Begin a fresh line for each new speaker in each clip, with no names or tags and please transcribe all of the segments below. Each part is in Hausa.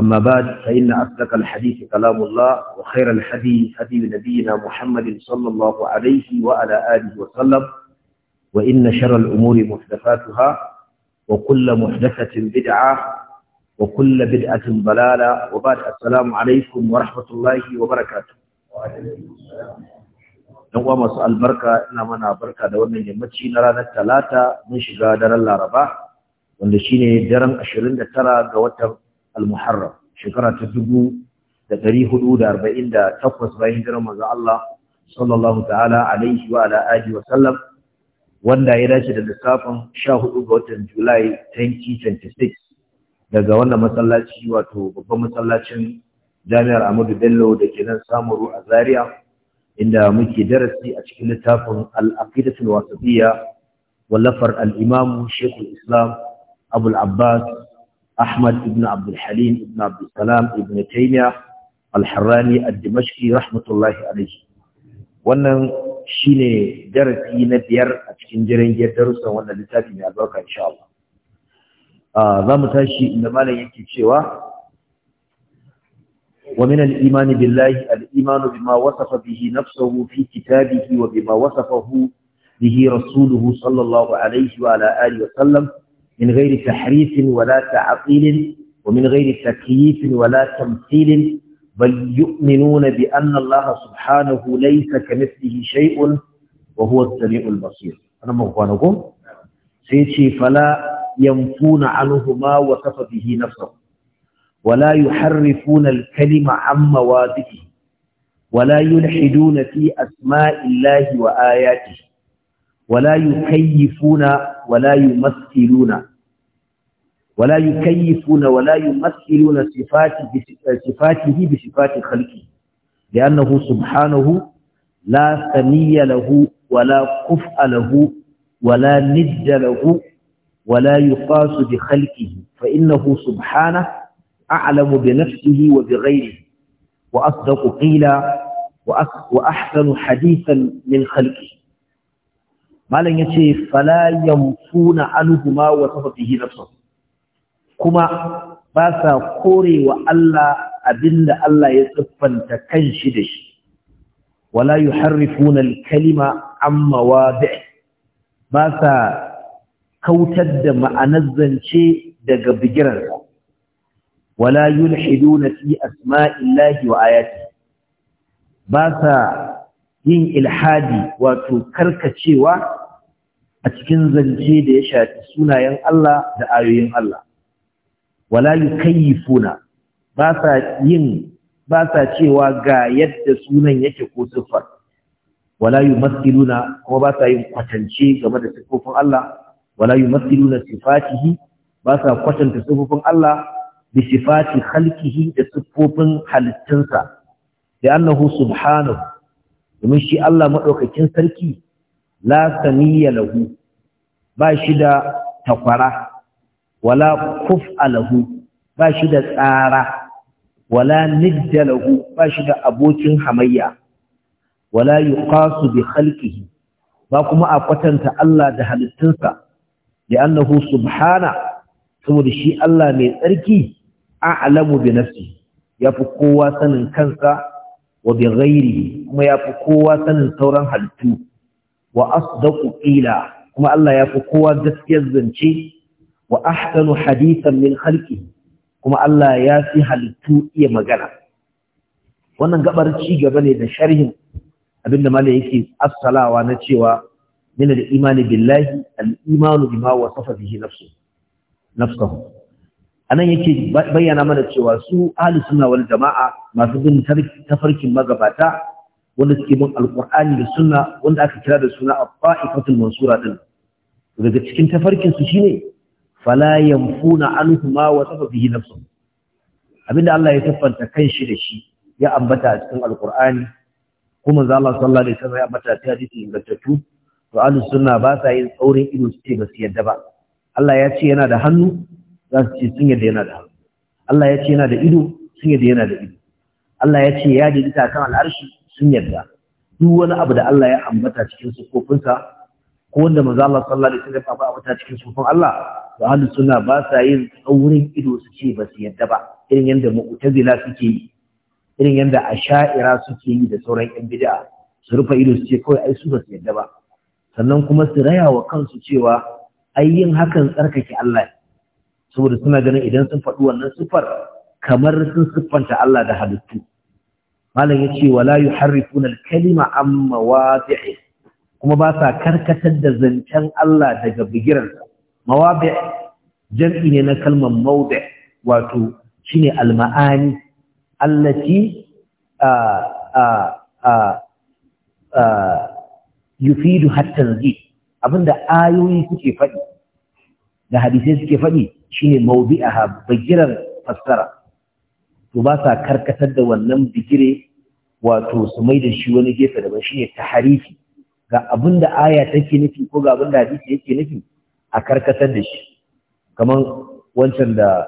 أما بعد فإن أصدق الحديث كلام الله وخير الحديث هدي نبينا محمد صلى الله عليه وعلى آله وسلم وإن شر الأمور محدثاتها وكل محدثة بدعة وكل بدعة ضلالة وبعد السلام عليكم ورحمة الله وبركاته نوع مساء البركة إنما بركة دورنا يمتشي نرانا الثلاثة من شغادر الله رباه wanda shi ne daren 29 ga watan al-muharram shekara ta dubu da ɗari hudu da arba'in da takwas bayan hijirar manzon Allah sallallahu ta'ala alaihi wa ala wa sallam wanda ya dace da lissafin sha hudu ga watan Julai 2026 daga wannan masallaci wato babban masallacin jami'ar Ahmadu Bello da ke nan Samuru a Zaria inda muke darasi a cikin littafin al-aqidatul wallafar al-imam Sheikh islam Abul abbas أحمد بن عبد الحليم بن عبد السلام بن تيمية الحراني الدمشقي رحمة الله عليه wannan shine darasi na biyar a cikin jiran darussan wannan littafi mai albarka insha Allah za mu tashi inda malam yake cewa wa min al-iman billahi al-iman bima wasafa bihi nafsuhu fi kitabihi wa bima wasafahu bihi rasuluhu sallallahu alaihi wa sallam من غير تحريف ولا تعطيل ومن غير تكييف ولا تمثيل بل يؤمنون بأن الله سبحانه ليس كمثله شيء وهو السميع البصير أنا مغفانكم سيتشي فلا ينفون عنه ما وصف به نفسه ولا يحرفون الكلمة عن مواضعه ولا يلحدون في أسماء الله وآياته ولا يكيفون ولا يمثلون ولا يكيفون ولا يمثلون صفاته صفاته بصفات خلقه لأنه سبحانه لا ثني له ولا كفء له ولا ند له ولا يقاس بخلقه فإنه سبحانه أعلم بنفسه وبغيره وأصدق قيلا وأحسن حديثا من خلقه malam yace fala yamfuna anhuma wa tafdihi nafsuh kuma ba sa korewa Allah abinda Allah ya tsiffanta kanshi da shi wala yuharrifuna al-kalima amma wadi' ba sa kautar da ma'anar zance daga bigirarsa wala yulhiduna fi asma'illahi wa ayati ba sa yin ilhadi wato karkacewa a cikin zance da ya shafi sunayen Allah da ayoyin Allah wala yukayyifuna ba sa yin ba sa cewa ga yadda sunan yake ko siffar wala yumathiluna kuma ba sa yin kwatance game da siffofin Allah wala yumathiluna sifatihi ba sa kwatanta siffofin Allah bi sifati khalqihi da siffofin halittunsa da annahu subhanahu domin shi Allah maɗaukakin sarki la saniya lahu ba shi da takwara wala kuf'a lahu ba shi da tsara wala nidda lahu ba shi da abokin hamayya wala yuqasu bi khalqihi ba kuma a kwatanta Allah da halittunsa li'annahu subhana saboda shi Allah mai tsarki a'lamu bi nafsi yafi kowa sanin kansa wa bi kuma kuma yafi kowa sanin sauran halittu wa asdaqu qila kuma Allah yafi kowa gaskiyar zance wa ahsanu hadithan min halki kuma Allah ya fi halittu iya magana wannan gabar ci gaba ne da sharhin abinda malai yake assalawa na cewa min al-imani billahi al-imanu bima wasafa bihi nafsuhu nafsuhu anan yake bayyana mana cewa su ahli sunna wal jama'a masu bin tafarkin magabata wanda suke bin alqur'ani da sunna wanda aka kira da suna at mansura din daga cikin tafarkin su shine fala yanfuna anhu ma wasafa bihi abinda Allah ya siffanta kanshi da shi ya ambata a cikin alqur'ani kuma za Allah sallallahu alaihi wasallam ya ambata ta hadisi ingantattu to ahli sunna ba sa yin tsaurin ido su ce ba su yadda ba Allah ya ce yana da hannu za su ce sun yadda yana da hannu Allah ya ce yana da ido sun yadda yana da ido Allah ya ce ya daidaita kan al'arshi sun yadda duk wani abu da Allah ya ambata cikin sukofinsa ko wanda manzo Allah sallallahu alaihi wasallam ya ambata cikin sukofin Allah to ahlus sunna ba sa yin tsaurin ido su ce ba su yadda ba irin yadda mu'tazila suke yi irin yanda asha'ira suke yi da sauran yan bid'a su rufe ido su ce kawai ai su ba su yadda ba sannan kuma su raya wa kansu cewa ai yin hakan tsarkake Allah saboda suna ganin idan sun faɗi wannan sifar kamar sun siffanta Allah da halittu malam ya ce wala yuharrifuna al-kalima an mawadi'i kuma ba sa karkatar da zancen Allah daga bigiransa mawadi' jam'i ne na kalmar mawdi' wato shine al-ma'ani allati yufidu hatta abinda ayoyi suke faɗi da hadisai suke faɗi shine mawdi'aha bigiran fassara to ba sa karkatar da wannan bigire wato su mai da shi wani gefe daban shine taharifi ga abin da aya take nufi ko ga abin da hadisi yake nufi a karkatar da shi kamar wancan da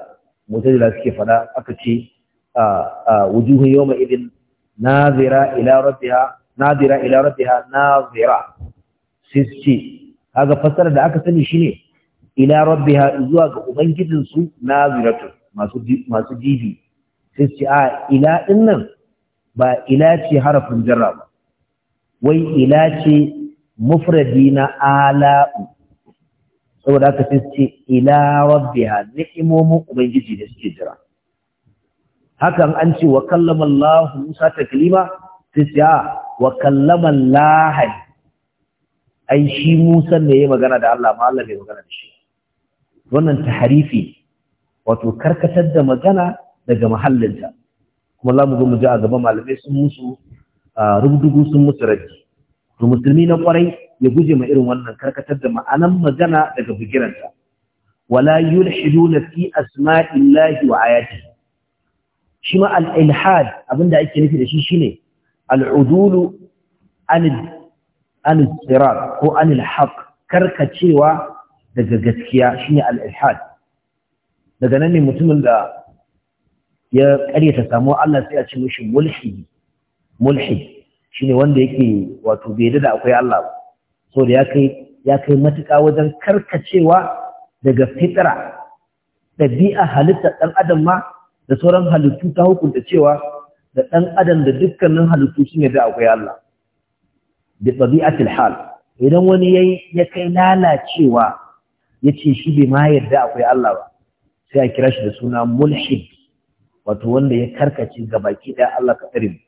mutajila suke faɗa aka ce a wujuhun yawma idin nazira ila rabbiha nazira ila rabbiha nazira sai su ce kaga fassara da aka sani shine ila rabbiha zuwa ga ubangijin su naziratu masu masu jibi. sai ce a ila dinnan ba ila ce harafin jarra ba wai ila ce mufradi na ala'u saboda haka sai ce ila rabbiha ni'imomin ubangiji da suke jira hakan an ce wa kallama Allah Musa taklima sai ce a wa kallama Allah ai shi Musa ne ya magana da Allah ma Allah bai magana da shi wannan taharifi wato karkatar da magana daga mahallinta kuma za mu zo mu ji a gaba malamai sun musu rubdugu sun musu raji to musulmi na kwarai ya guje ma irin wannan karkatar da ma'anan magana daga bigiranta wala yulhiduna fi asma'illahi wa ayatihi shi ma al-ilhad abinda ake nufi da shi shine al-udulu an an ko an haq karkacewa daga gaskiya shine al-ilhad daga nan ne mutumin da ya ta samu Allah sai a ce mushi mulhi mulhid shine wanda yake wato bai da akwai Allah ba so da ya kai ya kai matuƙa wajen karkacewa daga fitra ɗabi'a halittar ɗan adam ma da sauran halittu ta hukunta cewa da ɗan adam da dukkanin halittu sun da akwai Allah da ɗabi'atul hal idan wani ya kai lalacewa ya ce shi bai ma yarda akwai Allah ba sai a kira shi da suna mulhid wato wanda ya karkace ga baki ɗaya Allah ka tsare mu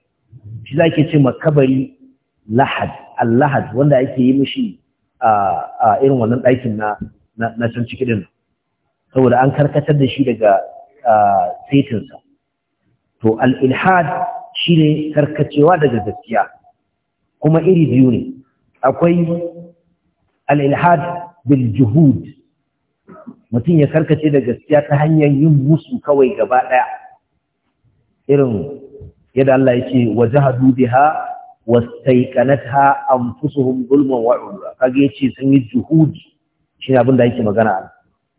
shi za ke ce makabari lahad allahad wanda ake yi mishi a irin wannan ɗakin na na can ciki ɗin saboda an karkatar da shi daga setinsa to al-ilhad shine karkacewa daga gaskiya kuma iri biyu ne akwai al-ilhad bil juhud mutum ya karkace da gaskiya ta hanyar yin musu kawai gaba ɗaya irin yadda Allah ya ce wa jahadu biha wastaiqanatha anfusuhum zulman wa ulwa kage yace sun yi juhudi shi abin da yake magana a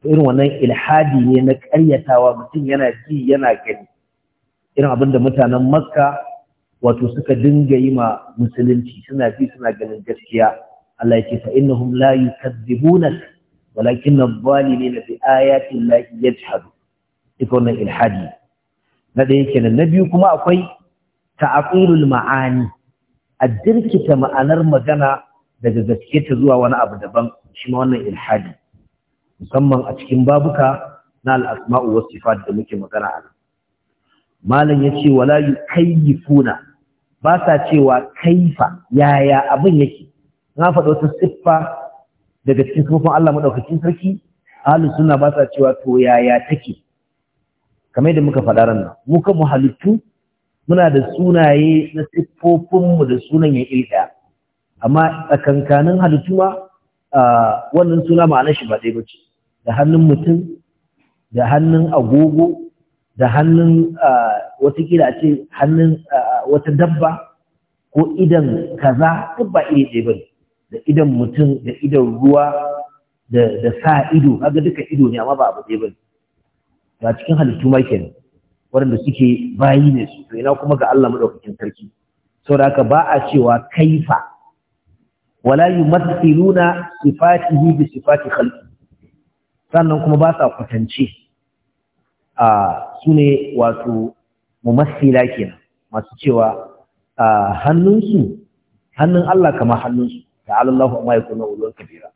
irin wannan ilhadi ne na ƙaryatawa mutum yana ji yana gani irin abin da mutanen makka wato suka dinga yi ma musulunci suna ji suna ganin gaskiya Allah ya ce fa innahum la yukadzibunak walakin adh-dhalimina bi ayati llahi yajhadu ita wannan ilhadi na ɗaya kenan na biyu kuma akwai ta'aqilul ma'ani a dirkita ma'anar magana daga gaske ta zuwa wani abu daban shi ma wannan ilhadi musamman a cikin babuka na al-asma'u was sifat da muke magana a nan malam yace wala yukayyifuna ba sa cewa kaifa yaya abin yake na faɗa wata siffa daga cikin sufin Allah madaukakin sarki ahlus suna ba sa cewa to yaya take kamar yadda muka faɗa ranar mu kan mu halittu muna da sunaye na siffofinmu da sunan ya ilka amma kankanin halittu ma wannan suna ma'anar shi ba ɗaya ba ce da hannun mutum da hannun agogo da hannun watakila a ce hannun wata dabba ko idan kaza duk ba iri ɗaya ba da idan mutum da idan ruwa da sa ido kaga duka ido ne amma ba abu dai bane ga cikin halittu ma ke waɗanda suke bayi ne su to ina kuma ga Allah madaukakin sarki saboda haka ba a cewa kaifa wala yumathiluna sifatihi bi sifati khalqi sannan kuma ba sa kwatance a sune wato mumassila kenan masu cewa hannunsu hannun Allah kamar hannunsu ta'ala Allahu amma yakunu ulul kabira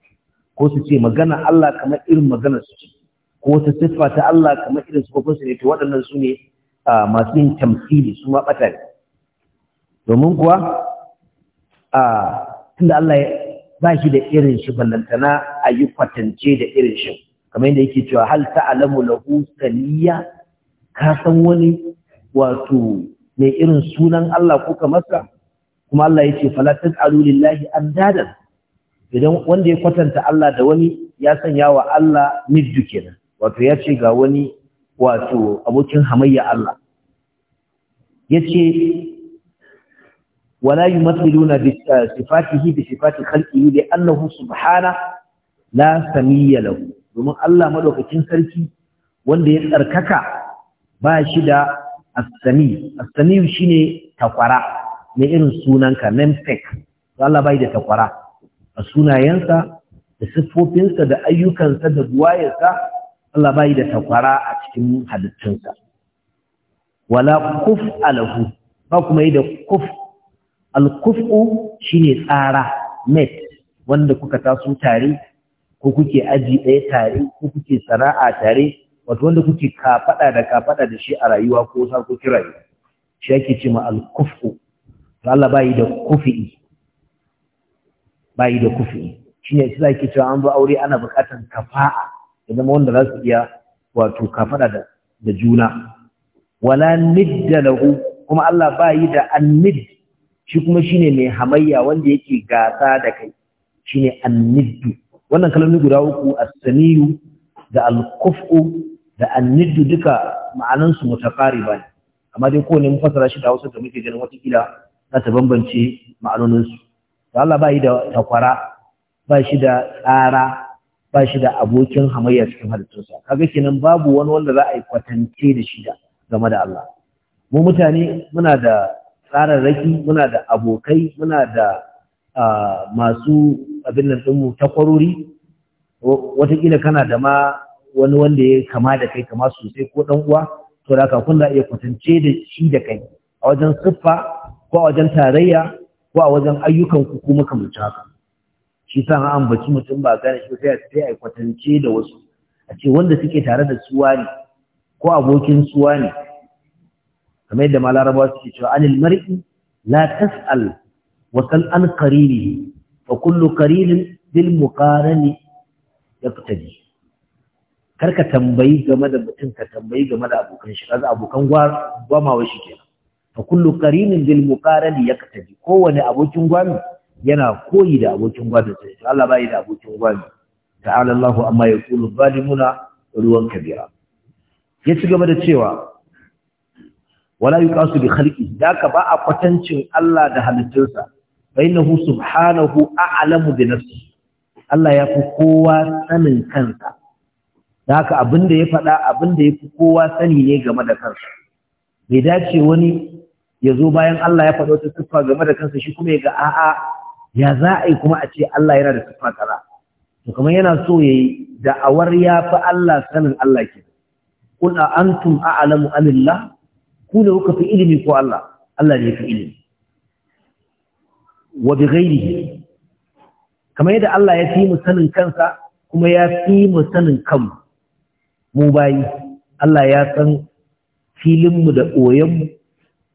ko su ce magana Allah kamar irin magana su ce ko ta siffa ta Allah kamar irin ko su ne to waɗannan su ne masu yin tamsili su ma bata ne domin kuwa a tunda Allah ba shi da irin shi ballantana ayi kwatance da irin shi kamar yadda yake cewa hal ta'alamu lahu saniya ka san wani wato mai irin sunan Allah ko kamarsa kuma Allah ya ce falatas alulillahi an dadan idan wanda ya kwatanta Allah da wani ya sanya wa Allah middu kenan wato ya ce ga wani wato abokin hamayya Allah ya ce wala yumathiluna bi eh, sifatihi bi sifati khalqihi li annahu subhana la samiyya lahu domin Allah madaukakin sarki wanda ya tsarkaka ba shi da as-sami as-sami shine takwara na irin sunanka namesake Allah bai da takwara a sunayensa da siffofinsa da ayyukansa da buwayarsa Allah bai da takwara a cikin halittunsa wala kuf alahu ba kuma yi da kuf alkufu shine tsara met wanda kuka taso tare ko kuke aji ɗaya tare ko kuke sana'a tare wato wanda kuke kafaɗa da kafaɗa da shi a rayuwa ko sarkokin rayuwa shi ake ce ma alkufu to Allah bai da kufi bai da kufi shine sai zaki cewa an zo aure ana buƙatar kafa'a idan zama wanda za su iya wato kafada da da juna wala nidda lahu kuma Allah bai da annid shi kuma shine mai hamayya wanda yake gasa da kai shine anniddu wannan kalmomi guda uku as-samiyu da al-kufu da anniddu duka ma'anansu mutaqariba ne amma dai kowane mun fassara shi da Hausa da muke ganin watakila za ta bambance ma'anoninsu to Allah ba shi da takwara ba shi da tsara ba shi da abokin hamayya cikin halittunsa kaga kenan babu wani wanda za a yi kwatance da shi da game da Allah mu mutane muna da tsararraki muna da abokai muna da masu abin nan ɗinmu takwarori watakila kana da ma wani wanda ya kama da kai kama sosai ko ɗan uwa to da ka kun da iya kwatance da shi da kai a wajen siffa ko a wajen tarayya ko a wajen ayyukan ku kuma kamar haka shi sa an ambaci mutum ba gane shi sai sai ai kwatance da wasu a ce wanda suke tare da suwa ne ko abokin suwa ne kamar yadda malarabawa suke cewa anil mar'i la tas'al wa sal an qarinihi fa kullu qarinin bil muqarani yaqtadi karka tambayi game da mutum ka tambayi game da abokan shi kaza abokan wai shi kenan fa kullu qarinin bil muqarani yaktabi kowane abokin gwami yana koyi da abokin gwami sai Allah bai da abokin gwami ta'ala Allahu amma yaqulu zalimuna ruwan kabira ya ci gaba da cewa wala yuqasu bi khalqi daka ba a kwatancin Allah da halittunsa bainahu subhanahu a'lamu bi nafsi Allah ya fi kowa sanin kansa daka abinda ya faɗa abinda ya fi kowa sani ne game da kansa bai dace wani ya zo bayan Allah ya faɗo wata siffa game da kansa shi kuma ya ga a'a ya za a yi kuma a ce Allah yana da siffa kaza to kamar yana so yayi da'awar ya fi Allah sanin Allah ke kul a antum a'lamu amillah ku ne kuka fi ilimi ko Allah Allah ne ya fi ilimi wa bi ghairihi kamar yadda Allah ya fi mu sanin kansa kuma ya fi mu sanin kanmu mu bayi Allah ya san filinmu da ɓoyenmu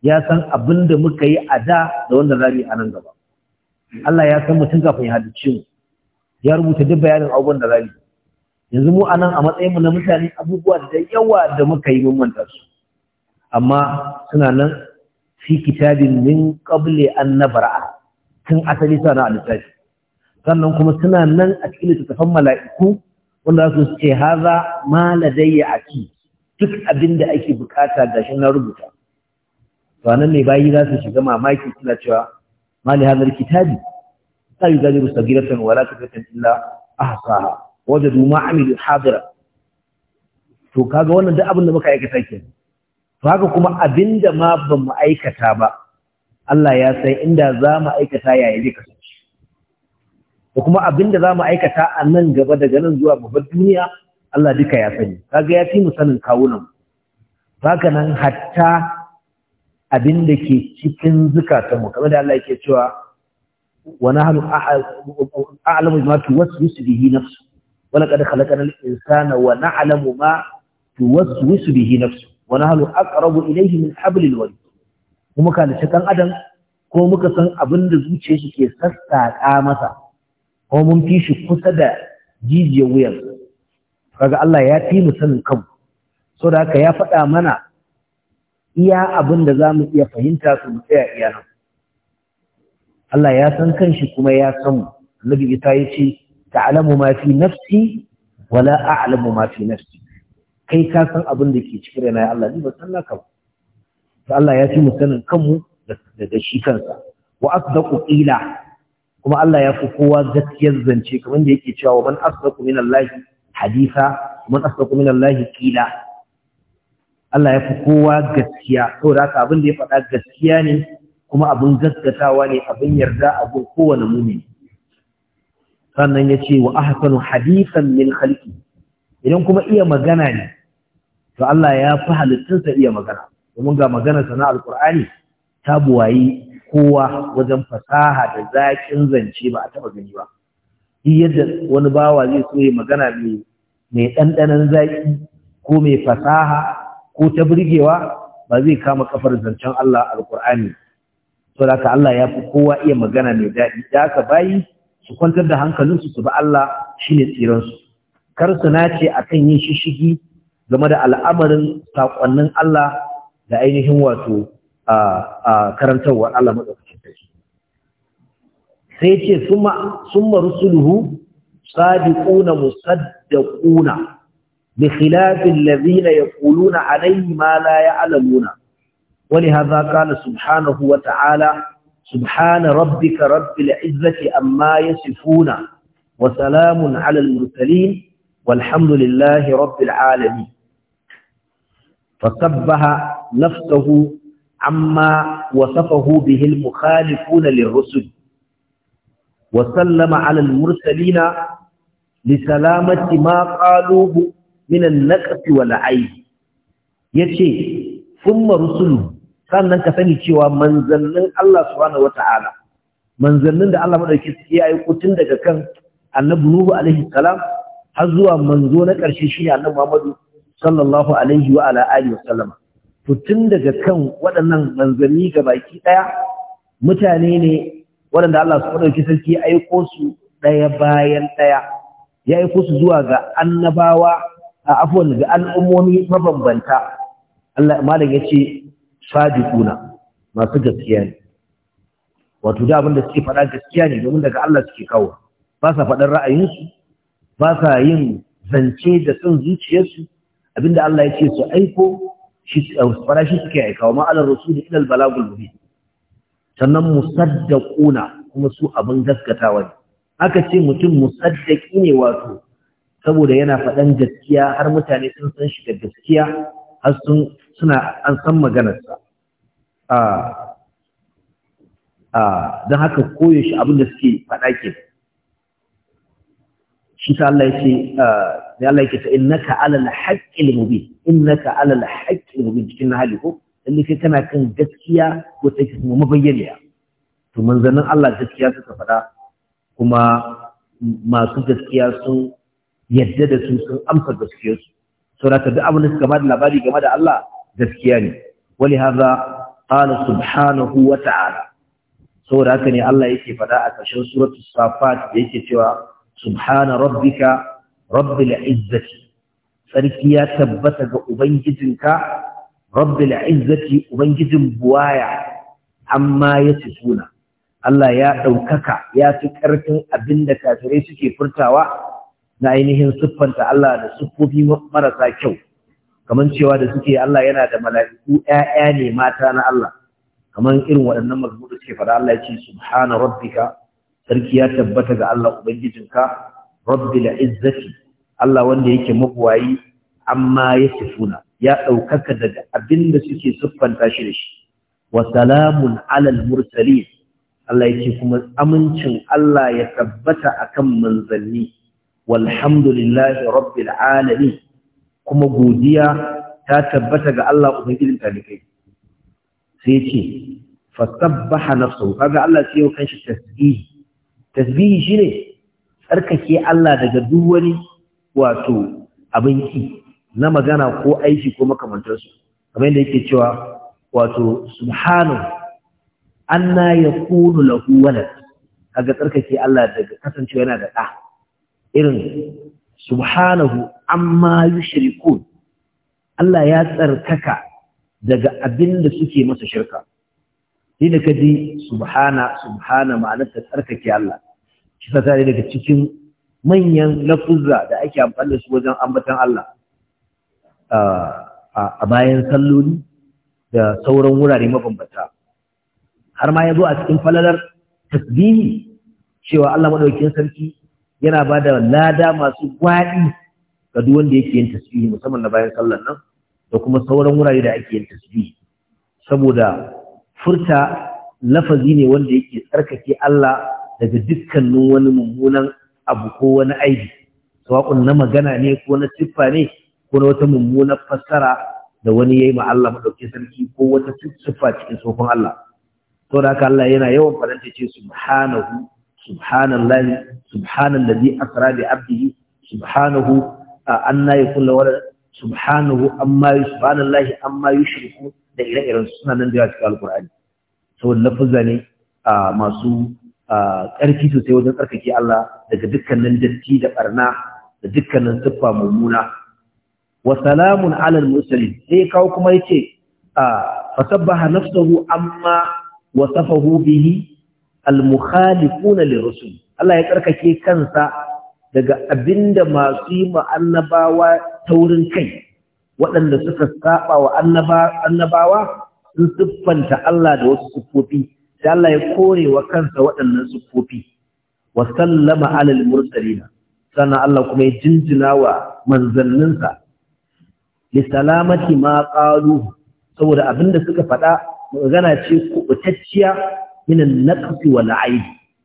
ya san abin da muka yi a da da wanda za a nan gaba Allah ya san mutum kafin ya haɗu mu ya rubuta duk bayanin abubuwan da za mu yanzu mu anan a matsayin mu na mutane abubuwa da yawa da muka yi mun su amma suna nan fi kitabin min qabli an nabra tun asali sana na littafi sannan kuma suna nan a cikin littattafan mala'iku wanda za su ce haza ma ladayya aki duk abin da ake bukata gashi na rubuta to nan ne bayi za su shiga mamaki suna cewa mali hadar kitabi ta yi galibu sagiratan wala kafatan illa ahsaha wajadu ma amilu hadira to kaga wannan duk abin da muka aikata ke to haka kuma abinda ma ban mu aikata ba Allah ya san inda za mu aikata yaya zai kasance da kuma abinda za mu aikata a nan gaba daga nan zuwa babbar duniya Allah duka ya sani kaga ya fi mu sanin kawunan haka nan hatta abin da ke cikin zukatanmu kamar da Allah yake cewa wa nahnu a'lamu bima tuwaswisu bihi nafsu wa laqad khalaqna al-insana wa na'lamu ma tuwaswisu bihi nafsu wa nahnu aqrabu ilayhi min hablil warid kuma kana kan adam ko muka san abin da zuciya shi ke sassaƙa masa ko mun fi shi kusa da jijiyar wuyar kaga Allah ya fi mu sanin kanmu saboda haka ya faɗa mana iya abin da za mu iya fahimta su mu tsaya iya nan Allah ya san kanshi kuma ya san mu annabi ita ya ce ta'alamu ma fi nafsi wala a'alamu ma fi nafsi kai ka san abin da ke cikin rana Allah ni ba san naka ba Allah ya fi mu sanin kanmu da shi kansa wa asdaqu qila kuma Allah ya fi kowa gaskiyar zance kamar da yake cewa man asdaqu min Allah haditha man asdaqu min Allah qila Allah ya fi kowa gaskiya saboda haka abin da ya faɗa gaskiya ne kuma abin gaskatawa ne abin yarda abin kowane mumini sannan ya ce wa ahsanu hadisan min khalqi idan kuma iya magana ne to Allah ya fi halittunsa iya magana domin ga magana sana alqur'ani ta buwayi kowa wajen fasaha da zakin zance ba a taɓa gani ba shi yadda wani bawa zai so ya magana mai mai ɗanɗanon zaki ko mai fasaha ko ta burgewa ba zai kama kafar zancen Allah Alƙur'ani. to da ka Allah ya fi kowa iya magana mai daɗi da ka bayi su kwantar da hankalinsu su bi Allah shine tsiransu kar su nace akan yin shishigi game da al'amarin takwannin Allah da ainihin wato a karantarwa Allah madaukakin sai ce summa summa rusuluhu sadiquna musaddaquna بخلاف الذين يقولون عليه ما لا يعلمون ولهذا قال سبحانه وتعالى سبحان ربك رب العزة أما يصفون وسلام على المرسلين والحمد لله رب العالمين فسبح نفسه عما وصفه به المخالفون للرسل وسلم على المرسلين لسلامة ما قالوه minan naqsi wal aibi yace thumma rusulu sannan ka sani cewa manzannin Allah subhanahu wata'ala manzannin da Allah madauki su ya aiko tun daga kan annabi Nuhu alaihi salam har zuwa manzo na ƙarshe shine annabi Muhammadu sallallahu alaihi wa ala alihi wasallam to daga kan waɗannan manzanni baki ɗaya mutane ne waɗanda Allah subhanahu wata'ala sarki ya aiko su ɗaya bayan ɗaya ya aiko su zuwa ga annabawa a afwan ga al'ummomi mabambanta Allah malam yace sadiquna masu gaskiya ne wato da abin da suke faɗa gaskiya ne domin daga Allah suke kawo ba sa faɗar ra'ayinsu ba sa yin zance da son zuciyarsu abinda Allah ya ce su aiko shi eh, fara shi suke aikawa ma ala rasuli ilal balagul mubin sannan musaddaquna kuma su abin gaskatawa ne aka ce mutum musaddaqi ne wato saboda yana faɗan gaskiya har mutane sun san shi da gaskiya har suna an san maganarsa don haka koyaushe abin da suke faɗa ke shi ta Allah ya ce ya Allah ya ce innaka alal haqqil mubin innaka alal haqqil mubin cikin nahali ko lalle kai kana kan gaskiya ko take kuma mabayyaniya to manzannin Allah gaskiya suka faɗa kuma masu gaskiya sun yadda da su sun amsa gaskiyarsu saboda duk abin da suka labari game da Allah gaskiya ne wani haza qala subhanahu wa ta'ala saboda haka ne Allah yake fada a ƙarshen suratu safat da yake cewa subhana rabbika rabbil izzati sarki ya tabbata ga ubangijinka rabbil izzati ubangijin buwaya amma ya suna Allah ya ɗaukaka ya fi ƙarfin abin da kafirai suke furtawa na ainihin siffanta Allah da siffofi marasa kyau kamar cewa da suke Allah yana da mala'iku ƴaƴa ne mata na Allah kamar irin waɗannan mazmuru suke faɗa Allah ya ce subhana rabbika sarki ya tabbata ga Allah ubangijinka rabbil izzati Allah wanda yake mabuwayi amma suna. ya ɗaukaka daga abin da suke siffanta shi da shi wa salamun alal mursalin Allah yake kuma amincin Allah ya tabbata akan manzanni walhamdulillahi rabbil alamin kuma godiya ta tabbata ga Allah ubangijin talikai sai ce fasabbaha nafsuhu kaga Allah sai yau kanshi tasbihi tasbihi shine tsarkake Allah daga duk wani wato abin ki na magana ko aiki ko makamantarsu kamar yadda yake cewa wato subhanahu anna ya lahu walad kaga tsarkake Allah daga kasancewa yana da ɗa irin subhanahu amma yushrikun Allah ya tsarkaka daga abin da suke masa shirka shi da subhana subhana ma'anarta tsarkake Allah shi sa tare daga cikin manyan lafuzza da ake amfani da su wajen ambatan Allah a bayan salloli da sauran wurare mabambata har ma ya zo a cikin falalar tasbihi cewa Allah madaukakin sarki yana ba da lada masu gwaɗi ga duk wanda yake yin tasbihi musamman na bayan sallar nan da kuma sauran wurare da ake yin tasbihi saboda furta lafazi ne wanda yake tsarkake Allah daga dukkanin wani mummunan abu ko wani aibi sawa'un na magana ne ko na siffa ne ko na wata mummunar fassara da wani yayi ma Allah madaukakin sarki ko wata siffa cikin sofin Allah da haka Allah yana yawan faranta ce subhanahu subhanallahi subhanallazi asra bi abdihi subhanahu anna yakun lahu walad subhanahu amma subhanallahi amma yushriku da ire-iren suna nan da yawa cikin alkur'ani saboda lafuzza ne masu ƙarfi sosai wajen tsarkake Allah daga dukkanin datti da barna da dukkanin siffa mummuna wa salamun alal mursalin sai kawo kuma yace fasabbaha nafsuhu amma wasafahu bihi al-mukhalifuna lirrusul Allah ya tsarkake kansa daga abinda masu yi annabawa taurin kai waɗanda suka saba wa annabawa sun siffanta Allah da wasu siffofi da Allah ya kore wa kansa waɗannan siffofi wa sallama alal mursalina sannan Allah kuma ya jinjina wa manzanninsa li salamati ma qalu saboda abinda suka faɗa magana ce kubutacciya min al-naqs wal aib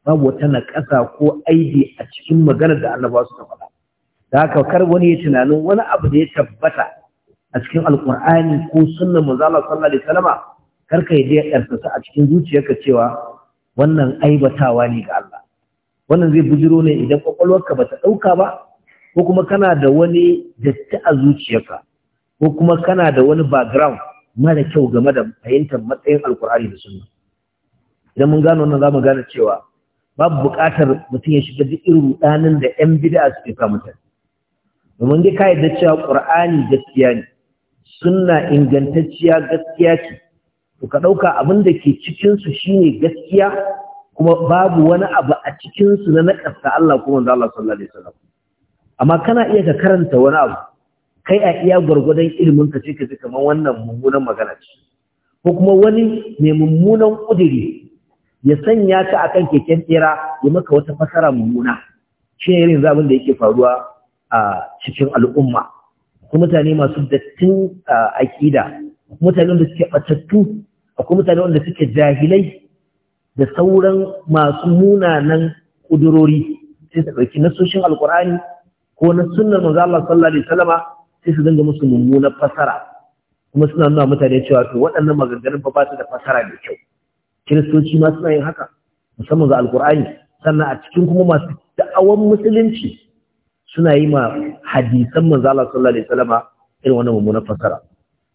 babu wata naƙasa ko aibi a cikin maganar da annaba su faɗa da haka kar wani ya tunanin wani abu da ya tabbata a cikin alqur'ani ko sunnar manzo Allah sallallahu alaihi wasallama kar ka yi da karsasa a cikin zuciyarka cewa wannan aibatawa ne ga Allah wannan zai bujiro ne idan kwakwalwarka ta dauka ba ko kuma kana da wani datti a zuciyarka ko kuma kana da wani background mara kyau game da fahimtar matsayin alkur'ani da sunna idan mun gano wannan zamu gane cewa babu buƙatar mutum ya shiga duk irin rudanin da ƴan bid'a suke kawo mutane domin dai ka yadda cewa Qur'ani gaskiya ne sunna ingantacciya gaskiya ce to ka ɗauka abin da ke cikinsu su shine gaskiya kuma babu wani abu a cikinsu na nakasta Allah kuma da Allah sallallahu alaihi wasallam amma kana iya ka karanta wani abu kai a iya gwargwadon ilimin ka ce ka ji kamar wannan mummunan magana ce ko kuma wani mai mummunan ƙudiri. ya sanya ka kan keken tsira ya maka wata fasara mummuna shi ne irin zabin da yake faruwa a cikin al'umma Akwai mutane masu dattin aƙida mutane wanda suke batattu akwai mutane wanda suke jahilai da sauran masu munanan kudurori sai su ɗauki nasoshin alkur'ani ko na sunnar manzo Allah sallallahu alaihi wasallama sai su dinga musu mummunar fasara kuma suna nuna mutane cewa to waɗannan maganganun fa ba su da fasara mai kyau kiristoci ma suna yin haka musamman ga alkur'ani sannan a cikin kuma masu da'awan musulunci suna yi ma hadisan manzo Allah sallallahu alaihi wasallama irin wannan mummunan fasara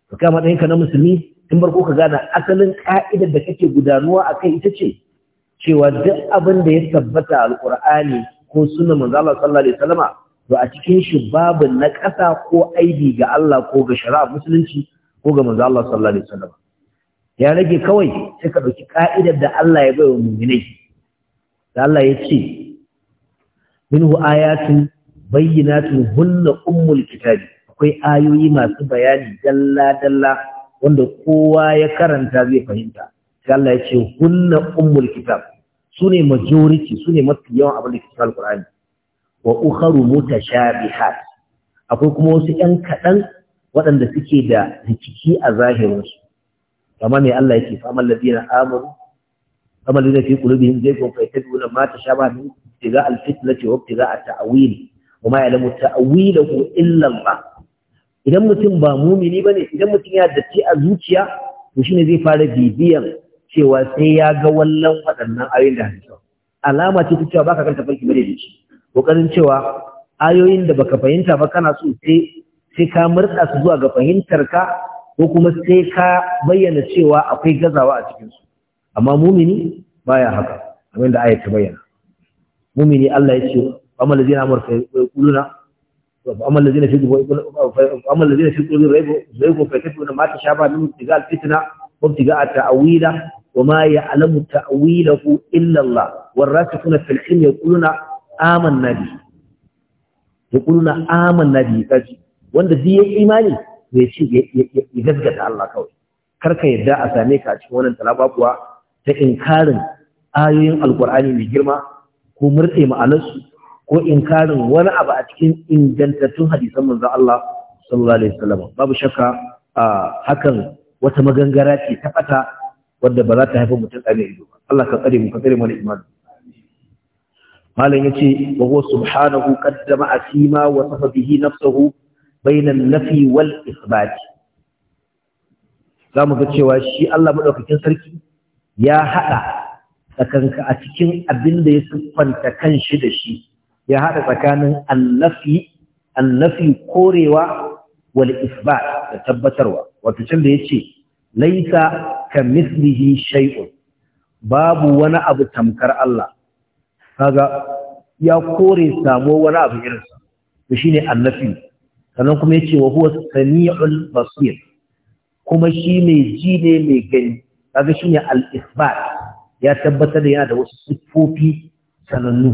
to kai ma ɗayanka na musulmi in barko ka gane asalin ka'idar da kake gudanuwa akai ita ce cewa duk abin da ya tabbata alkur'ani ko sunnar manzo Allah sallallahu alaihi to a cikin shi babu na ƙasa ko aibi ga Allah ko ga shari'a musulunci ko ga manzo Allah sallallahu alaihi ya rage kawai sai ka ɗauki ka'idar da Allah ya wa mu'minai da Allah ya ce minhu ayatu bayyinatun hunna ummul kitabi akwai ayoyi masu bayani dalla dalla wanda kowa ya karanta zai fahimta sai Allah ya ce hunna ummul kitab sune majority sune mafi yawan abin da ke cikin alqur'ani wa ukharu mutashabihat akwai kuma wasu 'yan kaɗan waɗanda suke da rikici a zahirinsu kama mai Allah yake fa ladina amuru kama ladina fi qulubihim zaygun fa yataduna ma tashabaha min ibtiga al fitnati wa ibtiga al ta'wil wa ma ya'lamu ta'wilahu illa Allah idan mutum ba mumini bane idan mutum ya datti a zuciya to shine zai fara bibiyan cewa sai ya ga wallan waɗannan ayoyin da hanzo alama ce ta cewa baka ganta farki bane da shi kokarin cewa ayoyin da baka fahimta ba kana so sai sai ka murda su zuwa ga fahimtar ka ko kuma sai ka bayyana cewa akwai gazawa a cikinsu amma mumini baya haka abin da ayyata ta bayyana mumini Allah ya ce amma lazina amur fa yaquluna amma lazina fi fi min tigal fitna tigal ta'wila wa ma ya'lamu ta'wilahu illa Allah warasikuna fil ilmi yaquluna amanna bi yaquluna amanna bi kaji wanda zai imani ya ce ya gaskata Allah kawai karka yadda a same ka a cikin wannan talaba kuwa ta inkarin ayoyin alkur'ani mai girma ko murɗe ma'anarsu ko inkarin wani abu a cikin ingantattun hadisan manza Allah sallallahu alaihi wasallam babu shakka hakan wata magangara ce ta fata wadda ba za ta haifa mutum a ido Allah ka tsare mu ka tsare mana imani malam yace wa huwa subhanahu qaddama asima wa safa bihi nafsuhu bainan nafi wal isbati za mu ga cewa shi Allah maɗaukakin sarki ya haɗa tsakanka a cikin abin da ya siffanta kan shi da shi ya haɗa tsakanin annafi annafi korewa wal isbat da tabbatarwa wato can da yace laisa ka mislihi shay'un babu wani abu tamkar Allah kaga ya kore samo wani abu irinsa to shine annafi sannan kuma ya ce wa huwa samiul basir kuma shi mai ji ne mai gani kaga shine al-isbat ya tabbatar da yana da wasu siffofi sanannu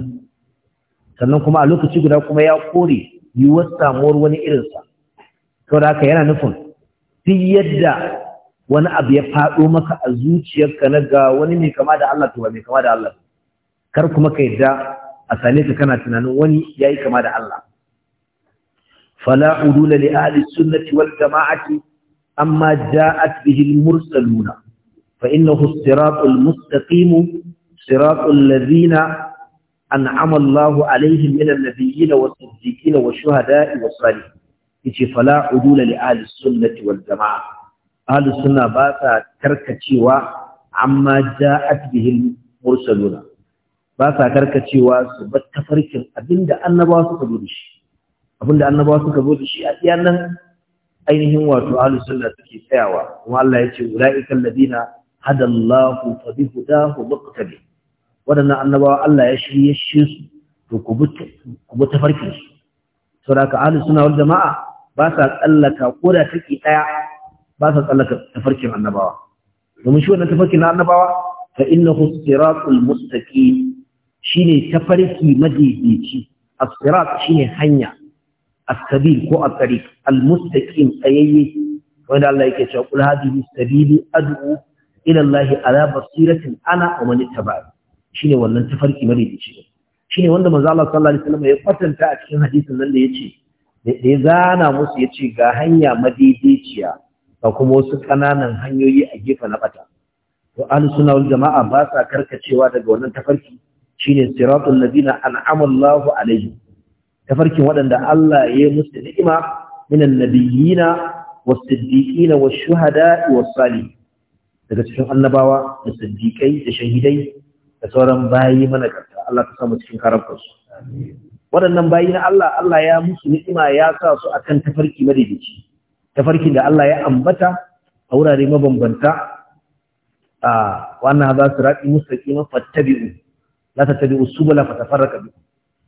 sannan kuma a lokaci guda kuma ya kore yiwuwar samuwar wani irinsa to da haka yana nufin duk yadda wani abu ya faɗo maka a zuciyarka na ga wani mai kama da Allah to ba mai kama da Allah kar kuma ka yadda a sale ka kana tunanin wani yayi kama da Allah فلا عدول لأهل السنة والجماعة أما جاءت به المرسلون فإنه الصراط المستقيم صراط الذين أنعم الله عليهم من النبيين والصديقين والشهداء والصالحين yace fala udula li ahli sunnati wal jamaa ahli sunna ba sa karkacewa amma ja'at bihi mursaluna ba sa karkacewa su bar tafarkin abinda annabawa basu zo shi abinda annabawa suka zo da shi a iya nan ainihin wato ahlus sunna suke tsayawa kuma Allah ya ce ulaiikal ladina hadallahu fa hudahu, muqtadi wadannan annabawa Allah ya shirye shi su to ku bi tafarkin su saboda ahlus sunna wal jamaa ba sa tsallaka ko da take daya ba sa tsallaka tafarkin annabawa domin shi wannan tafarkin na annabawa fa innahu siratul mustaqim shine tafarki madaidaici as-sirat shine hanya as-sabil ko at-tariq al-mustaqim tsayayye wanda Allah yake cewa kul hadhihi sabili ad'u ila Allah ala basiratin ana wa man ittaba'ani shine wannan tafarki madaidaici shine wanda manzo Allah sallallahu alaihi wasallam ya kwatanta a cikin hadisin nan da yace da ya zana musu yace ga hanya madaidaiciya ga kuma wasu ƙananan hanyoyi a gefe na bata to ahlus sunna wal jama'a basa sa karkacewa daga wannan tafarki shine siratul ladina an'ama Allahu alaihim tafarkin waɗanda Allah ya yi musu ni'ima minan nabiyina was-siddiqina wash-shuhada'i was-salihin daga cikin annabawa da siddiqai da shahidai da sauran bayi mana karta Allah ta samu cikin su. waɗannan bayi na Allah Allah ya musu ni'ima ya sa su akan tafarki madaidaici tafarkin da Allah ya ambata a wurare mabambanta a wannan za su raɗi mustaqima fattabi'u la tattabi'u subula fatafarraqa bikum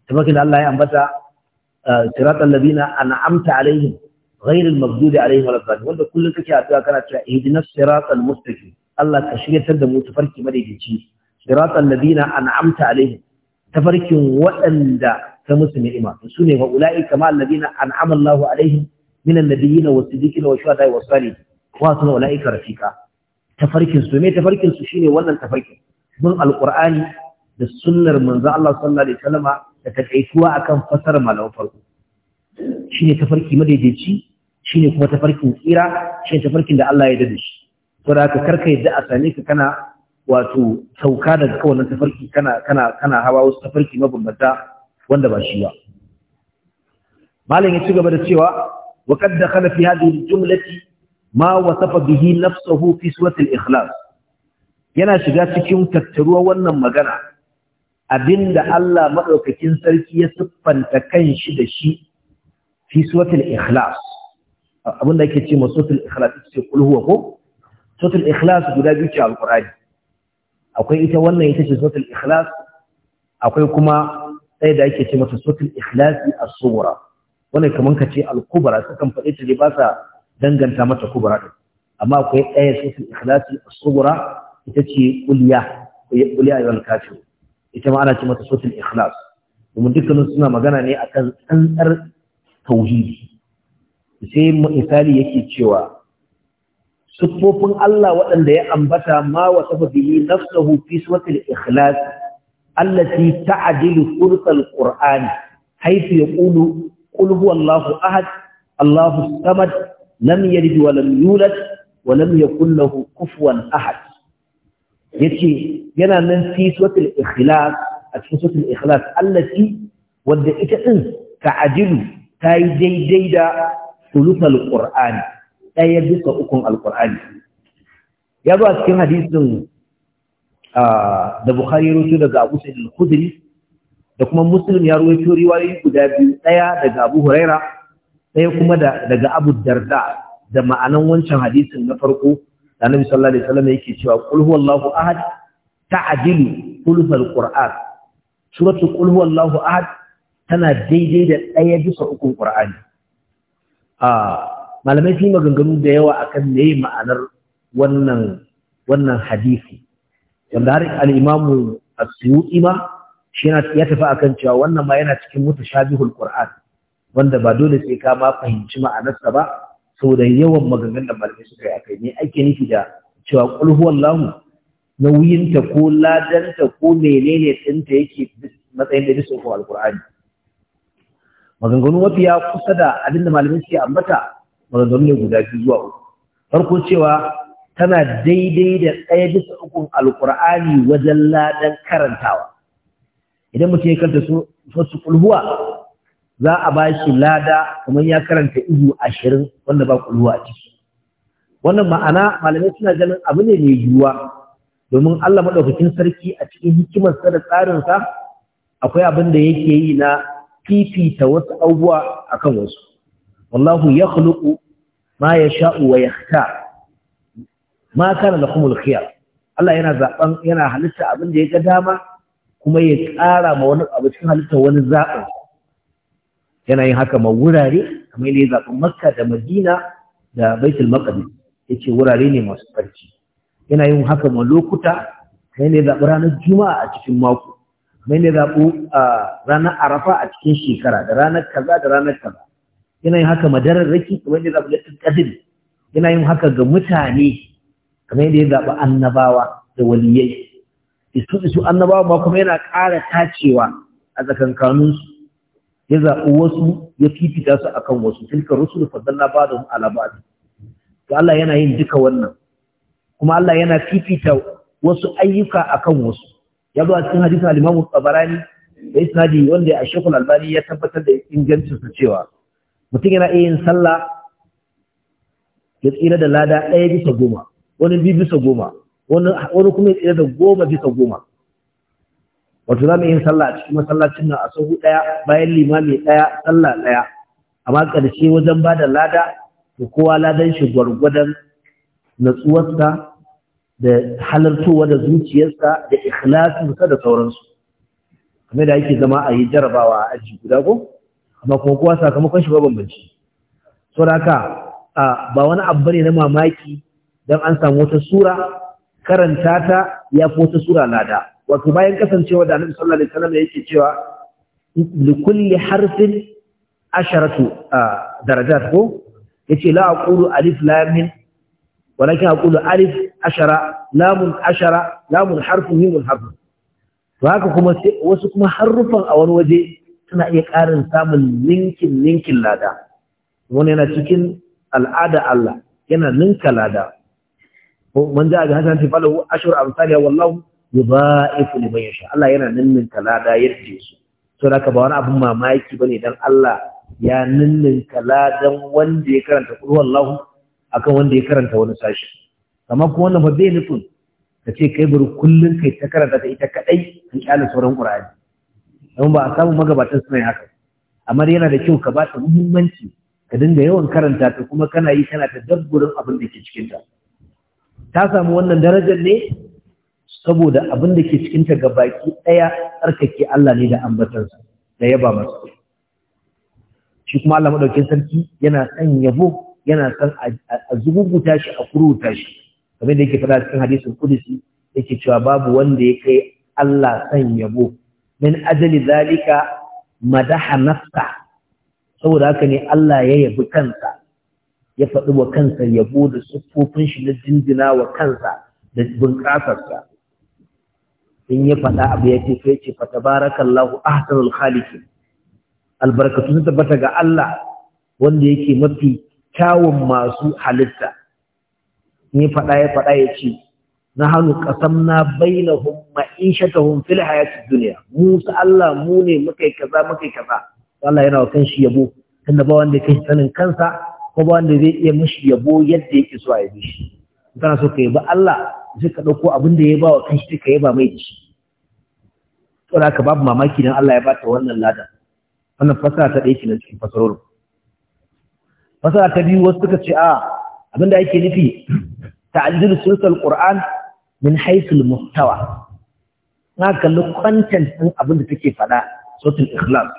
tafarkin da Allah ya ambata sirat alladhina an'amta alaihim ghairil maghdubi alaihim waladdallin wanda kullun kake addu'a kana cewa ihdinas siratal mustaqim Allah ka shiryatar da mu tafarki madaidaici siratal ladina an'amta alaihim tafarkin waɗanda ka musu ni'ima su ne wa ula'i kama alladina an'ama Allahu alaihim min annabiyina was siddiqina wash shuhada'i was salihin wa sunna ula'i ka rafiqa tafarkin su me tafarkin su shine wannan tafarkin bin alqur'ani da sunnar manzo Allah sallallahu alaihi wasallama da takaituwa akan fasarar malaman farko ne tafarki madaidaici ne kuma tafarkin tsira ne tafarkin da Allah ya yarda da shi saboda haka karka yadda a same ka kana wato sauka daga kowannan tafarki kana kana kana hawa wasu tafarki mabambanta wanda ba shi ba malam ya ci gaba da cewa wa qad dakhala fi hadhihi al-jumlati ma wasafa bihi nafsuhu fi suratul ikhlas yana shiga cikin tattaruwa wannan magana Abin da Allah maɗaukakin sarki ya siffanta kanshi da shi fi suratul ikhlas da ake ce ma suratul ikhlas ce kulhuwa huwa ko suratul ikhlas guda biyu ce alqur'ani akwai ita wannan ita ce suratul ikhlas akwai kuma sai da ake ce mata suratul ikhlas as-sughra wannan kaman ka ce al-kubra sukan faɗe ta ne ba sa danganta mata kubra din amma akwai ɗaya suratul ikhlas as-sughra ita ce kuliya kuliya yawan kafirun ita ma ana ce mata sautin ikhlas domin dukkanin suna magana ne akan tsantsar tauhidi sai misali yake cewa siffofin Allah waɗanda ya ambata ma wa sababihi nafsahu fi sifatil ikhlas allati ta'dilu furqal qur'an haythu yaqulu qul huwallahu ahad allahu samad lam yalid wa lam yulad wa lam yakul lahu kufuwan ahad yace yana nan fi suratul ikhlas a cikin suratul ikhlas allati wanda ita din ka ajilu ta yi daidai da sulutul qur'ani daya bisa ukun alqur'ani ya zo a cikin hadisin da bukhari rutu daga abu sa'id al-khudri da kuma muslim ya ruwaito riwayoyi guda biyu daya daga abu huraira daya kuma daga abu darda da ma'anan wancan hadisin na farko da annabi sallallahu alaihi wasallam yake cewa qul huwallahu ahad ta'dilu kulfal qur'an suratul qul huwallahu ahad tana daidai da ɗaya bisa ukun qur'ani a malamai sun maganganu da yawa akan ne ma'anar wannan wannan hadisi wanda har al-imamu as-suyuti ma shi ya tafi akan cewa wannan ma yana cikin mutashabihul qur'an wanda ba dole sai ka ma fahimci ma'anarsa ba saboda yawan maganganun malamai suka yi akai ne ake nufi da cewa qul huwallahu nauyinta ko ladanta ko menene ɗinta yake matsayin da bisa ko alkur'ani maganganu mafiya kusa da abin da malamin suke ambata maganganu ne guda biyu zuwa uku farko cewa tana daidai da ɗaya bisa ukun alkur'ani wajen ladan karantawa idan mutum ya karanta su su kulhuwa za a ba shi lada kamar ya karanta izu ashirin wanda ba kulhuwa a ciki wannan ma'ana malamai suna ganin abu ne mai yiwuwa domin Allah maɗaukakin sarki a cikin hikimarsa da tsarinsa akwai abin da yake yi na fifita wasu abubuwa a kan wasu wallahu ya yakhluqu ma sha’u wa ta ma kana kuma khiyar Allah yana zaɓen yana halitta abin da ya ga dama kuma ya ƙara ma wani abu cikin halitta wani zaɓen. yana yin haka ma wurare kamar yadda ya zaɓen makka da madina da baitul maqdis yace wurare ne masu tsarki yana yin haka ma lokuta kamar ne zaɓi ranar juma'a a cikin mako kamar ne zaɓi ranar arafa a cikin shekara da ranar kaza da ranar kaza yana yin haka ma dararraki kamar yadda zaɓi lattin yana yin haka ga mutane kamar yadda ya zaɓi annabawa da waliyai isu isu annabawa ma kuma yana ƙara tacewa a su ya zaɓi wasu ya fifita su akan wasu tilka rusul fadalla ba da ala ba to Allah yana yin duka wannan kuma Allah yana fifita wasu ayyuka akan wasu ya a cikin hadisin al-Imam Tabarani da isnadi wanda a Sheikhul Albani ya tabbatar da ingancin sa cewa mutum yana iya yin sallah ya tsira da lada ɗaya bisa goma wani biyu bisa goma wani kuma ya tsira da goma bisa goma wato za mu yin sallah a cikin masallacin nan a sahu ɗaya bayan limami ɗaya sallah ɗaya amma ƙarshe wajen ba da lada to kowa ladan shi gwargwadon natsuwarsa da halartowa da zuciyarsa da ikhlasinsa da sauransu kamar da yake zama a yi jarabawa a aji guda ko amma kuma kowa sakamakon shi bambanci saboda a ba wani abu ne na mamaki don an samu wata sura karanta ta ya fi wata sura lada wato bayan kasancewa da annabi sallallahu alaihi wasallam yake cewa li kulli harfin asharatu darajat ko yace la aqulu alif lam mim ولكن أقول ألف ashara لام عشرة لام حرف ميم حرف وهكا كما وسكما حرفا أو وجه suna iya ƙarin samun ninkin ninkin lada wani yana cikin al'ada Allah yana ninka lada man ja ga hasan ti falahu ashur amsalia wallahu yudha'ifu liman yasha Allah yana ninninka lada yadda su to da ba wani abin mamaki ne dan Allah ya ninninka ladan wanda ya karanta qul wallahu akan wanda ya karanta wani sashi amma kuma wannan ba zai nufin ka ce kai bari kullum kai ta karanta ta ita kadai kan kyala sauran qur'ani don ba a samu magabatan suna haka amma yana da kyau ka ba ta muhimmanci ka dinga yawan karanta ta kuma kana yi kana ta dabburin abin da ke cikin ta ta samu wannan darajar ne saboda abin da ke cikin ta ga baki daya tsarkake Allah ne da ambatansa da yaba masa shi kuma Allah madaukakin sarki yana san yabo yana san a zuguguta shi a kuruta shi kamar da yake faɗa cikin hadisin kudisi yake cewa babu wanda ya kai Allah san yabo min ajali zalika madaha nafsa saboda haka ne Allah ya yabi kansa ya faɗi wa kansa yabo da siffofin shi na jinjina wa kansa da bunƙasarsa in ya faɗa abu ya ce sai ce fa tabarakallahu ahsanul khaliqin albarkatu tabbata ga Allah wanda yake mafi kyawun masu halitta ni faɗa ya faɗa ya ce na hannu ƙasam na ta hun fil hayatid duniya Musa Allah mu ne muka yi kaza muka yi kaza Allah yana wa kanshi yabo tunda ba wanda kai sanin kansa ko ba wanda zai iya mishi yabo yadda yake so a yabe shi so ka yi ba Allah sai ka ɗauko abin da ya ba wa kanshi ka yaba mai da shi to da ka babu mamaki dan Allah ya bata wannan ladan wannan fasara ta ɗaya na cikin fasarorin masana ta biyu wasu suka ce a ah, abinda ake nufi ta'addil sulsal qur'an min haythul muhtawa na kalli content din abinda take fada suratul ikhlas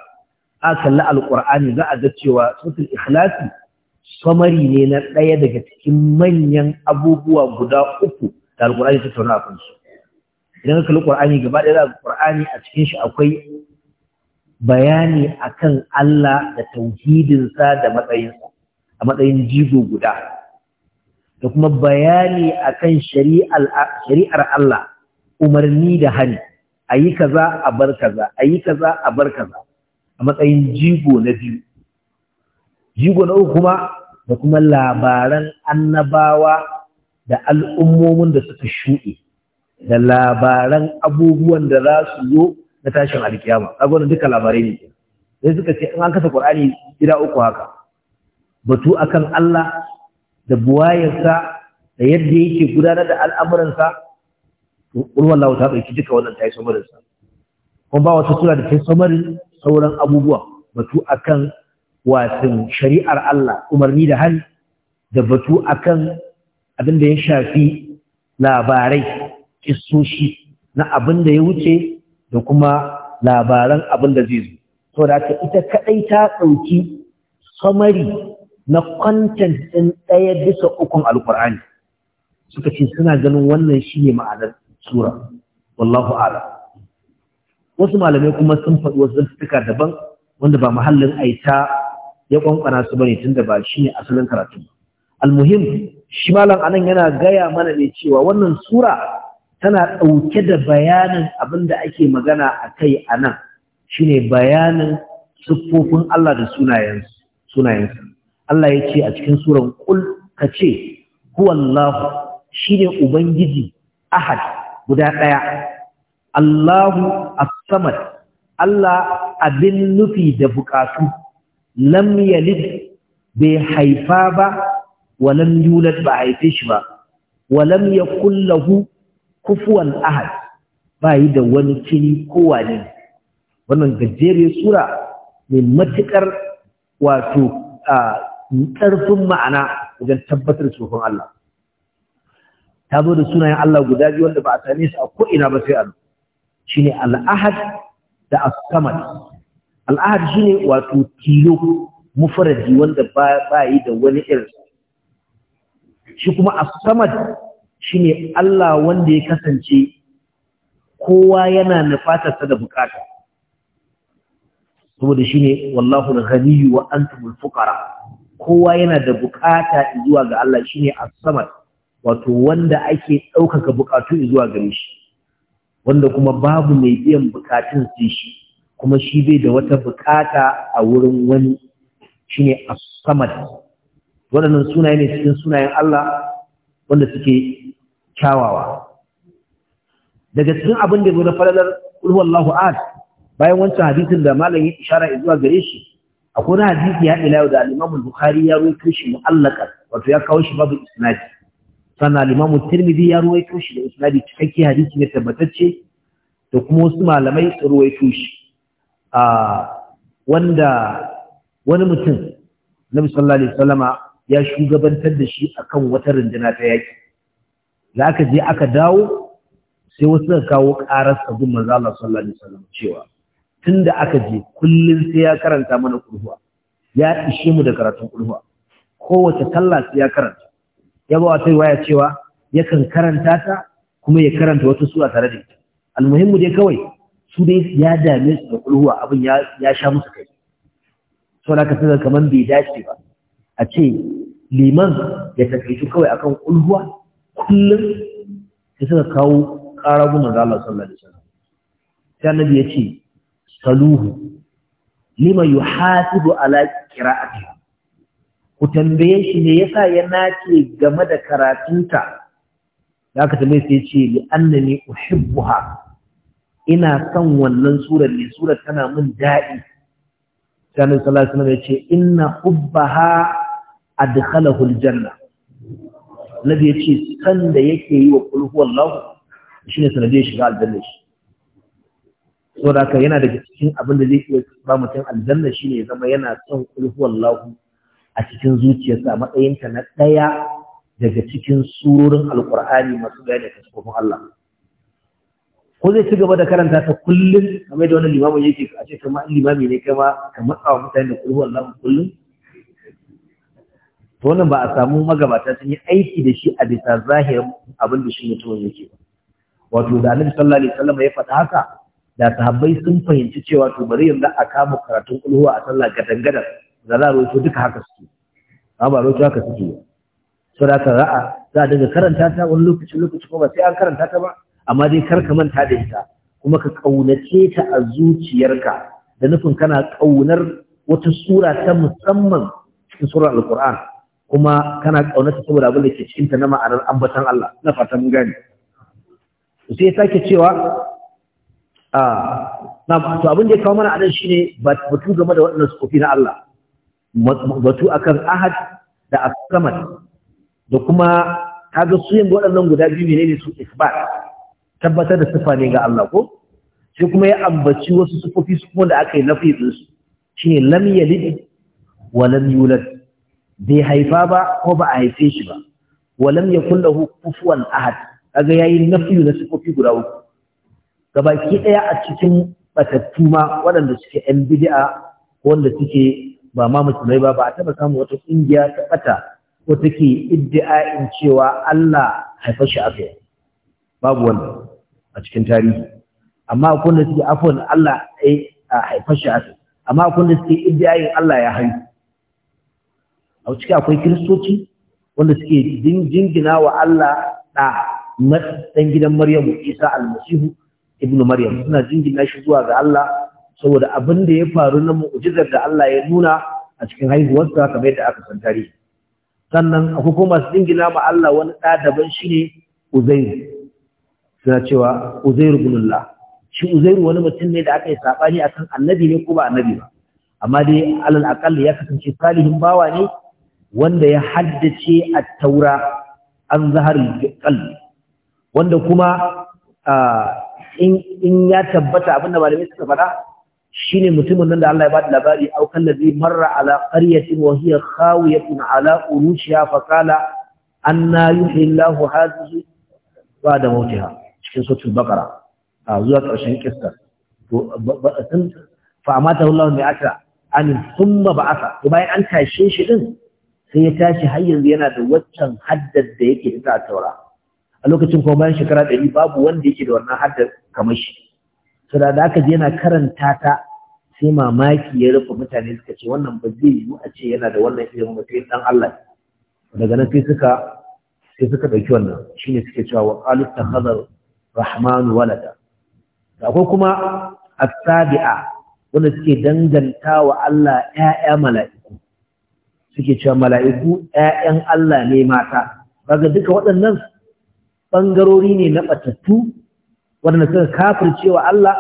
a kalli alqur'ani za a ga cewa suratul ikhlas samari ne na ɗaya daga cikin manyan abubuwa guda uku da alqur'ani ta tauna a su idan ka kalli qur'ani gaba ɗaya da qur'ani a cikin shi akwai bayani akan Allah da tauhidinsa da matsayinsa a matsayin jigo guda da kuma bayani a kan shari'ar Allah umarni da hari a yi kaza a bar kaza a yi kaza a bar kaza a matsayin jigo na biyu jigo na uku kuma da kuma labaran annabawa da al'ummomin da suka shuɗe da labaran abubuwan da za su zo na tashin alkiyama agwada duka labarai ne sai suka ce an kasa ƙwar'ani gida uku haka batu akan Allah da buwayarsa da yadda yake gudanar da al'amuransa ulwallahu ta ɗauki duka wannan ta yi samarinsa kuma ba wata sura da ta samarin sauran abubuwa batu akan wasan shari'ar Allah umarni da hali da batu akan abin da ya shafi labarai kissoshi na abin da ya wuce da kuma labaran abin da zai zo saboda ita kadai ta ɗauki samari na kwantan ɗin ɗaya bisa ukun alkur'ani suka ce suna ganin wannan shi ne ma'anar sura wallahu ala wasu malamai kuma sun faɗi wasu zantuka daban wanda ba mahallin aita ya ƙwanƙwana su bane tun da ba shi ne asalin karatu almuhim shi malam anan yana gaya mana ne cewa wannan sura tana ɗauke da bayanin abin da ake magana a kai a nan shine bayanin siffofin Allah da sunayensu sunayensa Allah ya ce a cikin suran kul ka ce huwallahu shine ubangiji ahad guda ɗaya Allahu as-samad Allah abin nufi da buƙatu. lam yalid bai haifa ba wa lam yulad ba haife shi ba wa lam yakul lahu kufuwan ahad ba yi da wani kini ko wani wannan gajeriyar sura mai matuƙar wato ƙarfin ma'ana wajen tabbatar da tsofin Allah ta zo da sunayen Allah guda biyu wanda ba a same su a ko'ina ba sai shi ne al'ahad da asamad al'ahad shi ne wato tilo mufaradi wanda ba yi da wani irin shi kuma asamad shi ne Allah wanda ya kasance kowa yana nufatarsa da bukata saboda shi ne wallahu da ghaniyu wa antumul fukara. kowa yana da bukata zuwa ga Allah ne a samad wato wanda ake ɗaukaka bukatu zuwa gare shi wanda kuma babu mai biyan bukatun sai shi kuma shi bai da wata bukata a wurin wani a as-samad waɗannan sunaye ne cikin sunayen Allah wanda suke kyawawa daga cikin abin da zo na falalar ulhuwallahu ahad bayan wancan hadisin da malam ya ishara zuwa gare shi akwai hadisi ya ila da al-Imam Bukhari ya ruwaito shi mu'allaqan wato ya kawo shi babu isnadi sannan al-Imam Tirmidhi ya ruwaito shi da isnadi cikakke hadisi ne tabbatacce da kuma wasu malamai su ruwaito shi a wanda wani mutum Nabi sallallahu alaihi wasallama ya shugabantar da shi akan wata rundunar ta yaki da aka je aka dawo sai wasu suka kawo ƙarar sabbin manzo Allah sallallahu alaihi wasallam cewa tun da aka je kullum sai ya karanta mana kulhuwa, ya ishe mu da karatun kulhuwa, kowace sallah sai ya karanta ya ba wata waya cewa yakan karanta ta kuma ya karanta wata sura tare da ita almuhimmu dai kawai su dai ya dame su da kulhuwa abin ya ya sha musu kai sau da aka kamar bai dace ba a ce liman ya takaici kawai akan kulhuwa? kullum sai suka kawo ƙara gudun da Allah sallallahu alaihi wasallam sai annabi ya ce saluhu lima yuhasibu ala ake. ku tambaye shi ne yasa ya nace game da karatunta da aka tambaye sai ce li annani uhibbuha ina son wannan surar ne surar tana mun daɗi sanin sallallahu alaihi ya ce inna hubbaha adkhalahu aljanna nabi ya ce san da yake yi wa kulhu wallahu shine sanadiyar shiga aljanna saboda haka yana da cikin abin da zai iya ba mutum aljanna shine ya zama yana son lahu a cikin zuciyarsa matsayin ta na ɗaya daga cikin surorin alkur'ani masu gani da tasbihun Allah ko zai ci gaba da karanta ta kullum kamar da wani limamin yake a ce kamar limami ne kama ka matsa wa mutane da kulhuwallahu kullum to wannan ba a samu magabata sun yi aiki da shi a bisa zahirin abin da shi mutum yake wato da annabi sallallahu alaihi wasallam ya faɗa haka da sahabbai sun fahimci cewa to bari yanzu a kama karatun kulhuwa a sallah gadangadar da za a su duka haka suke amma ba ruwa haka suke so da ka ra'a za a daga karanta ta wani lokaci lokaci ko ba sai an karanta ta ba amma dai kar ka manta da ita kuma ka kaunace ta a zuciyarka da nufin kana kaunar wata sura ta musamman cikin surar alquran kuma kana ta saboda abin da ke ta na ma'anar ambatan Allah na fatan gani sai ya sake cewa Ah, na to abin da ya kawo mana adan shine batu game da waɗannan sufofi na Allah batu akan ahad da asamad da kuma kaga su yin waɗannan guda biyu ne ne su isbat tabbatar da sifa ne ga Allah ko sai kuma ya ambaci wasu sufofi su kuma da aka yi nafi din su shine lam yalid wa lam yulad bai haifa ba ko ba a haife shi ba wa lam yakul lahu kufuwan ahad kaga yayin nafi na sufofi guda uku gabaki ɗaya a cikin batattu ma waɗanda suke ‘yan bidi'a ko wanda suke ba ma musulmai ba ba a taɓa samun wata ƙungiya ta ɓata ko take in cewa Allah haifar shi aka babu wani a cikin tarihi amma akwai wanda suke afon Allah a haifar shi a amma akwai wanda suke in Allah ya haihu a ciki akwai kiristoci wanda suke jingina wa Allah ɗa ɗan gidan Maryamu Isa almasihu ibnu maryam suna jingina shi zuwa ga Allah saboda abin da ya faru na mu'jizar da Allah ya nuna a cikin haihuwarsa kamar yadda aka san tarihi sannan akwai kuma su jingina ma Allah wani ɗa daban shine Uzairu suna cewa Uzairu ibn shi Uzairu wani mutum ne da aka yi sabani akan annabi ne ko ba annabi ba amma dai alal aqal ya kasance salihin bawa ne wanda ya haddace at-taura an zahar qalbi wanda kuma ah, in ya tabbata abin da malamai suka faɗa ne mutumin nan da Allah ya bada labari au kallazi marra ala qaryatin wa hiya khawiyatun ala urushiha fa qala anna yuhyi Allahu hadhihi ba'da mautiha cikin suratul baqara a zuwa ƙarshen kissa to fa amata Allah mai aka an thumma ba'atha to bayan an tashe shi din sai ya tashi har yanzu yana da waccan haddar da yake da ta taura a lokacin kuma bayan shekara ɗari babu wanda yake da wannan hada kamar shi so da aka je yana karanta ta sai mamaki ya rufe mutane suka ce wannan ba zai yiwu a ce yana da wannan ilimin ba sai Allah daga nan sai suka sai suka ɗauki wannan shine suke cewa wa qalu takhadhar rahman walada akwai kuma as-sabi'a wanda suke danganta wa Allah ƴaƴa mala'iku suke cewa mala'iku yayan Allah ne mata kaga duka waɗannan ɓangarori ne na ɓatattu wanda suka cewa Allah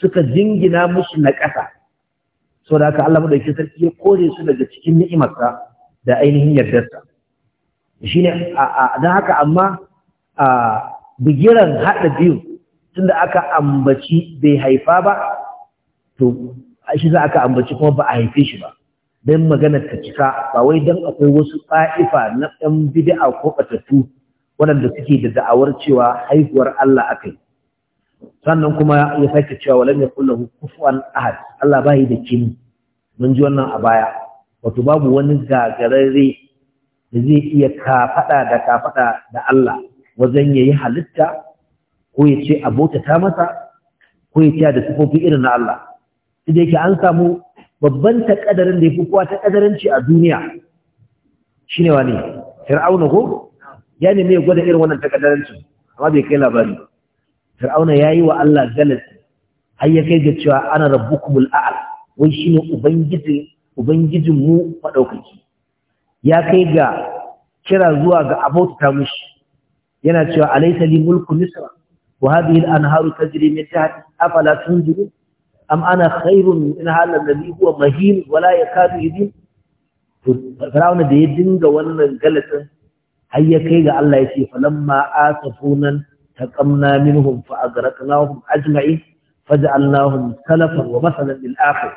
suka jingina musu na ƙasa sau da haka Allah madauki sarki ya kore su daga cikin ni'imarsa da ainihin yardarsa shi ne don haka amma bigiran haɗa biyu tunda aka ambaci bai haifa ba to shi za aka ambaci kuma ba a haife shi ba don maganar ta cika ba wai don akwai wasu ƙa'ifa na ɗan bid'a ko ɓatattu waɗanda suke da da'awar cewa haihuwar Allah akai sannan kuma ya sake cewa walam yakul lahu kufuwan ahad Allah bai da kin mun ji wannan a baya wato babu wani gagarare da zai iya kafaɗa da kafaɗa da Allah wajen yayi halitta ko ya ce abota ta masa ko ya ce da sifofi irin na Allah sai da yake an samu babban takadarin da ya fi kowa takadaranci a duniya shine wani fir'auna ko ya nemi ya gwada irin wannan takaddaranci amma bai kai labari fir'auna ya yi wa Allah galati har ya kai ga cewa ana rabbukumul a'al wai shine ubangiji ubangijin mu maɗaukaki. ya kai ga kira zuwa ga abota mushi yana cewa alaysa li mulku misra wa hadhihi al-anharu tajri min tahti afala tunziru am ana khairun min hal alladhi huwa mahin wa la yakadu yudin fir'auna da ya dinga wannan galatin har ya kai ga Allah ya ce falamma asafunan taqamna minhum fa aghraqnahum ajma'in faj'alnahum salafan wa masalan lil akhir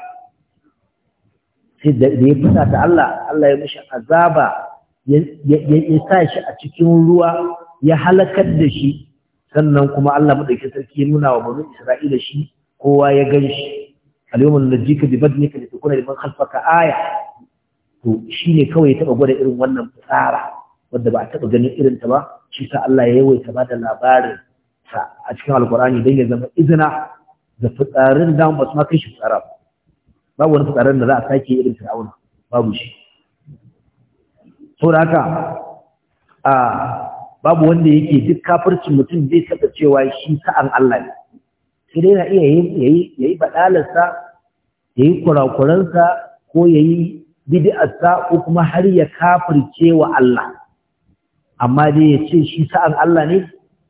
sai da ya fita ta Allah Allah ya mishi azaba ya sa shi a cikin ruwa ya halakar da shi sannan kuma Allah madaukakin sarki ya nuna wa banu Isra'ila shi kowa ya gan shi al-yawma najika bi badnika litakuna liman khalfaka aya to shine kawai ya taba gwada irin wannan fitsara wadda ba a taɓa ganin irin ta ba shi sa Allah ya yawaita ba da labarin sa a cikin alkurani don ya zama izina da fitsarin da ba su ma kai shi fitsara ba babu wani fitsarin da za a sake irin fir'auna babu shi saboda haka a babu wanda yake duk kafircin mutum zai saka cewa shi sa'an Allah ne sai dai na iya yayi yayi badalarsa yayi kurakuransa ko yayi bid'arsa ko kuma har ya kafirce wa Allah amma dai ya ce shi sa'an Allah ne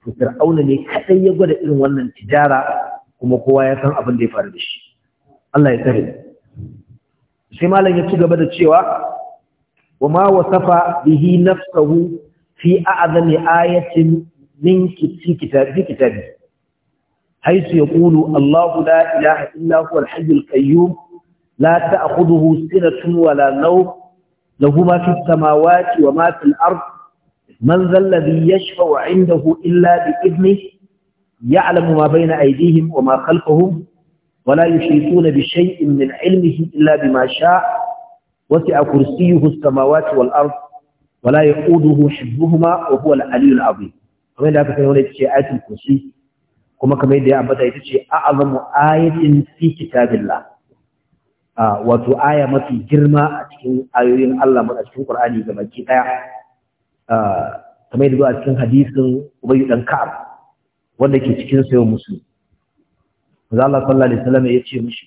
to fir'auna ne kaɗai ya gwada irin wannan tijara kuma kowa ya san abin da ya faru da shi Allah ya tsare sai malam ya ci gaba da cewa wa ma wasafa bihi nafsahu fi a'zami ayatin min kitabi kitabi حيث Allahu الله لا إله إلا هو La القيوم لا تأخذه سنة ولا نوم له ما في السماوات وما في الأرض man zallabi yashfa'u indahu illa bi idnihi ya'lamu ma bayna aydihim wa ma khalfahum wa la yushituna bi shay'in min 'ilmihi illa bima sha'a wasi'a kursiyyuhu as-samawati wal ard wa la ya'uduhu hibbuhuma wa huwa al-'aliyyul 'azim kamar yadda aka sani wani ce ayatul kursi kuma kamar yadda ya ambata ita ce a'azamu ayatin fi kitabillah ah, wato aya mafi girma a cikin ayoyin Allah a cikin Qur'ani ga baki ɗaya. kamar yadda a cikin hadisin ubayu dan ka'ab wanda ke cikin sayo musu manzo Allah sallallahu alaihi wasallam ya ce mushi,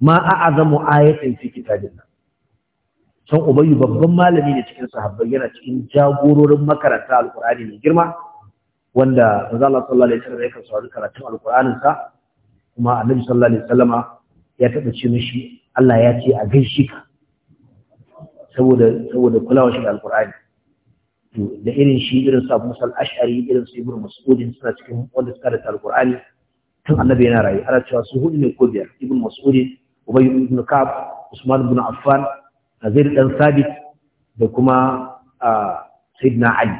ma a'azamu ayatin fi kitabillah san ubayu babban malami ne cikin sahabbai yana cikin jagororin makaranta alqur'ani mai girma wanda manzo Allah sallallahu alaihi wasallam ya karanta karatun alqur'anin sa kuma annabi sallallahu alaihi Wasallam ya taɓa ce mushi Allah ya ce a gaishe ka saboda saboda kulawa shi da alqur'ani da irin shi irin su abu al ash'ari irin su ibnu mas'udin suna cikin wanda suka da alqur'ani tun annabi yana rayu ana cewa su hudu ne ko biyar ibnu mas'udin ubay ibn ka'ab usman ibn affan zaid dan sabit da kuma sayyidina ali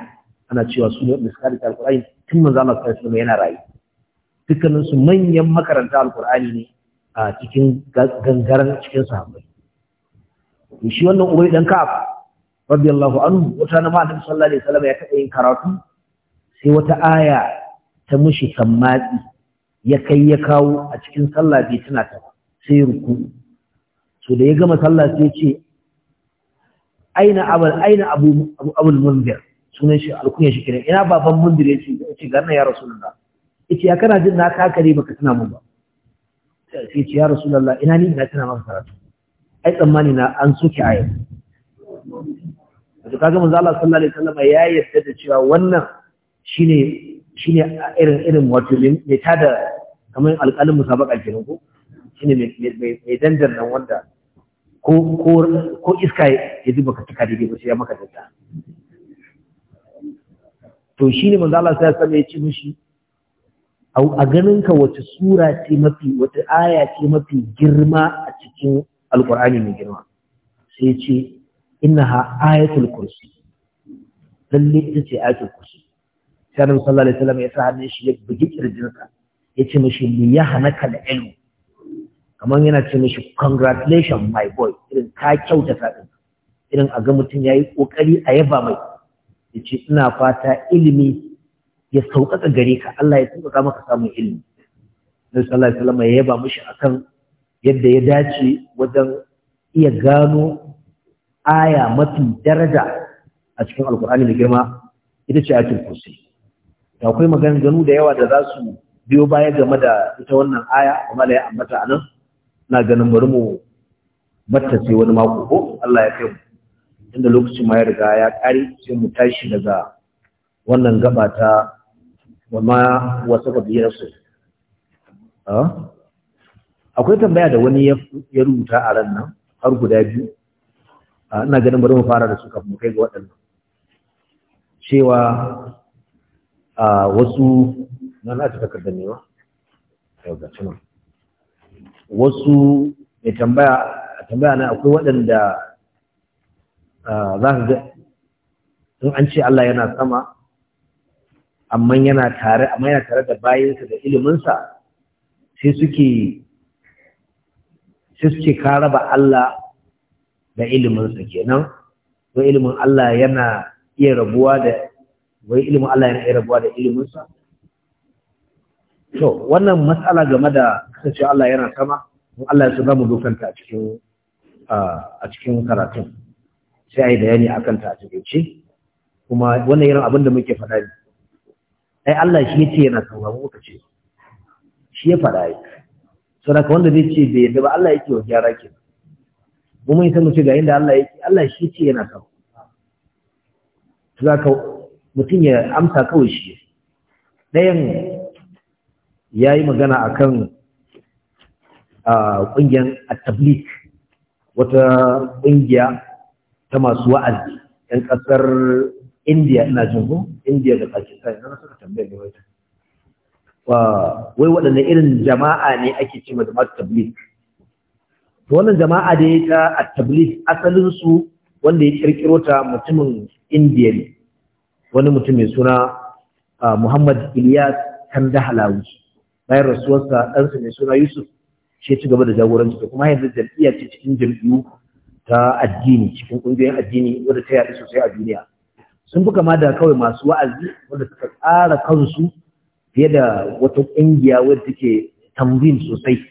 ana cewa su ne suka da alqur'ani tun manzo Allah sallallahu alaihi wasallam yana rayu dukkanin su manyan makaranta alqur'ani ne a cikin gangaren cikin sahabbai shi wannan ubay dan ka'ab radiyallahu anhu wata na ma'adin sallallahu alaihi wasallam ya taɓa yin karatu sai wata aya ta mushi sammatsi ya kai ya kawo a cikin sallah bai tana ta sai ruku so da ya gama sallah sai ce aina abul aina abu abul mundir sunan shi alkunya shi kenan ina baban mundir yace yace ganna ya rasulullah yace ya kana jin na kakare baka tana mun ba sai yace ya rasulullah ina ni ina tana maka karatu ai tsammani na an soke aya wato kaga manzo Allah sallallahu alaihi wasallam ya yarda da cewa wannan shine shine irin irin wato mai tada kamar alƙalin musabaka kenan ko shine mai mai dandan nan wanda ko ko ko iska ya zuba ka tuka dai ba sai ya maka dadda. to shine manzo Allah sallallahu alaihi wasallam ya ci mishi a ganinka wace sura ce mafi wata aya ce mafi girma a cikin alkur'ani mai girma sai ce innaha ayatul kursi lalle ita ce ayatul kursi sai sallallahu alaihi wasallam ya sa hannun shi ya bugi kirjinka ya ce mishi li ka da ilmu kamar yana ce mishi congratulation my boy irin ka kyautata din irin a ga mutum yayi kokari a yaba mai ce ina fata ilimi ya sauƙaƙa gare ka Allah ya sauƙaƙa maka samun ilimi Nabi sallallahu alaihi wasallam ya yaba mishi akan yadda ya dace wajen iya gano aya mafi daraja a cikin alkur'ani da girma ita ce ayatul kursi da akwai maganganu da yawa da za su biyo baya game da ita wannan aya amma da ya ambata anan na ganin bari mu battace wani mako ko Allah ya kai mu inda lokacin ma ya riga ya kare sai mu tashi daga wannan gaba ta wa ma wasu biyar su ah? akwai tambaya da wani ya rubuta a ran nan har guda biyu Ah, ina ganin bari mu fara da su kafin mu kai ga waɗannan cewa a ah, wasu na na ta takardar ne ba yau ga cinu wasu mai tambaya tambaya na akwai waɗanda ah, za ka ga in an ce Allah yana sama amma yana tare amma yana tare da bayinsa da iliminsa sai suke sai suke ka raba Allah da iliminsa kenan wai ilimin Allah yana iya rabuwa da wai ilimin Allah yana iya rabuwa da iliminsa to wannan matsala game da kasance Allah yana sama in Allah ya so zamu dokanta a cikin a cikin karatun sai ai bayani akan ta a cikin kuma wannan irin abin da muke faɗa ne ai Allah shi yace yana sama mu ce shi ya faɗa ai saboda wanda zai ce bai yadda ba Allah yake wa gyara kenan mu mun san ce ga inda Allah yake Allah shi ce yana sama to zaka mutum ya amsa kawai shi dayan yayi magana akan a kungiyar at-tabliq wata kungiya ta masu wa'azi ɗan ƙasar indiya ina jin ko indiya da pakistan na suka tambaye ne wai waɗanne irin jama'a ne ake ce ma jama'at tabligh wannan jama'a da ya ta at-tabligh asalin wanda ya kirkiro ta mutumin indiya ne wani mutum mai suna ah, muhammad ilyas kandahalawi bayan rasuwarsa ɗansa mai suna yusuf shi ci gaba da jagoranci da kuma yanzu jam'iyya ce cikin jam'iyyu ta addini cikin ƙungiyoyin addini wadda ta yaɗu sosai a duniya sun fi kama da kawai masu wa'azi wadda suka tsara kansu fiye da wata ƙungiya wadda take tambin sosai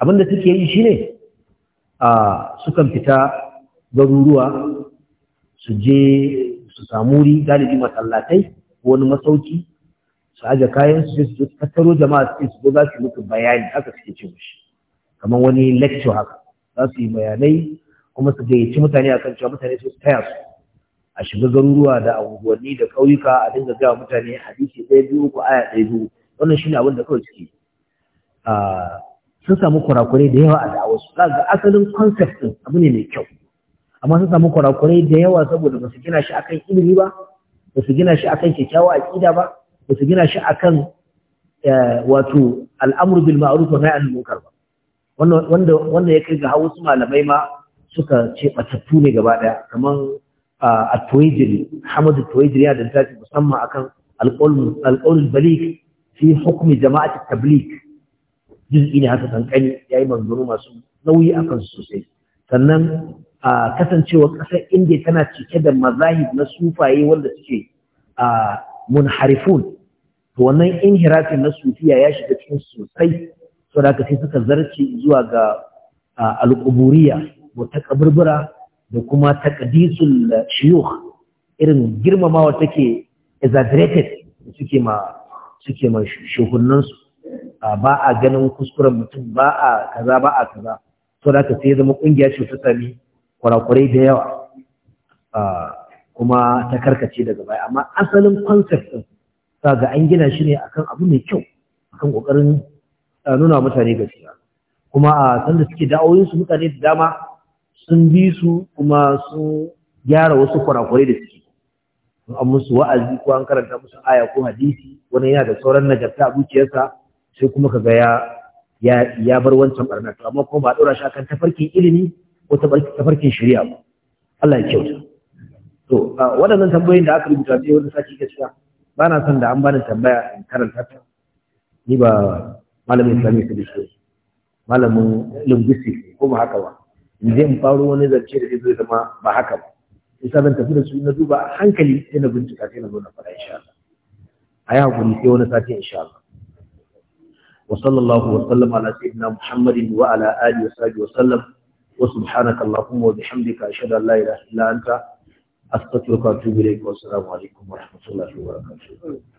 Abin da suke yi shine a sukan fita garuruwa su je su samu wuri galibi masallatai ko wani masauki su aje kayan su su tattaro jama'a su su za su muku bayani haka suke ce mushi kamar wani lecture haka za su yi bayanai kuma su gayyaci mutane akan cewa mutane su taya su a shiga garuruwa da unguwanni da ƙauyuka a dinga gaya mutane hadisi ɗaya biyu ko aya ɗaya biyu wannan shine abin da kawai suke sun samu kurakurai da yawa a da'awarsu ga asalin concept din abu ne mai kyau amma sun samu kurakurai da yawa saboda basu gina shi akan ilimi ba basu gina shi akan kyakkyawa aqida ba basu gina shi akan eh, wato al'amru bil ma'ruf wa nahy anil munkar ba wanda wanda ya kai ga wasu malamai ma suka ce batattu ne gaba daya kaman ah, a tuwaijiri Hamadu tuwaijiri ya da musamman akan al-qawl balik fi hukmi jama'at at-tabligh jiz'i ne haka kankani ya yi manzuru masu nauyi a kansu sosai sannan a kasancewar ƙasar indiya tana cike da mazahib na sufaye wanda suke a munharifun to wannan inhirafin na sufiya ya shiga cikin sosai so da sai suka zarce zuwa ga alƙuburiya wata kaburbura da kuma takadisul shiyukh irin girmamawa take exaggerated suke ma suke ma shuhunansu ba a ganin kuskuren mutum ba a kaza ba a kaza to da sai zama kungiya ce ta sami kurakurai da yawa kuma ta karkace daga baya amma asalin concept din ga an gina shi ne akan abu mai kyau akan kokarin nuna mutane gaskiya kuma a sanda suke da'awoyin su mutane da dama sun bi su kuma sun gyara wasu kwarakwarai da suke an musu wa'azi ko an karanta musu aya ko hadisi wani yana da sauran nagarta a zuciyarsa sai kuma ka gaya ya ya bar wancan barna to amma kuma ba dora shi akan tafarkin ilimi ko tafarkin shari'a ba Allah ya kyauta to waɗannan tambayoyin da aka rubuta sai wani sati gaskiya ba na son da an bani tambaya in karanta ta ni ba malamin islamic studies ne malamin linguistics ko ba haka ba in zai faro wani zance da zai zama ba haka ba isa zan tafi da su na duba hankali sai na bincika sai na zo na faɗa insha Allah a yi hakuri sai wani sati insha Allah وصلى الله وسلم على سيدنا محمد وعلى آله وصحبه وسلم وسبحانك اللهم وبحمدك أشهد أن لا إله إلا أنت أستغفرك وأتوب إليك والسلام عليكم ورحمة الله وبركاته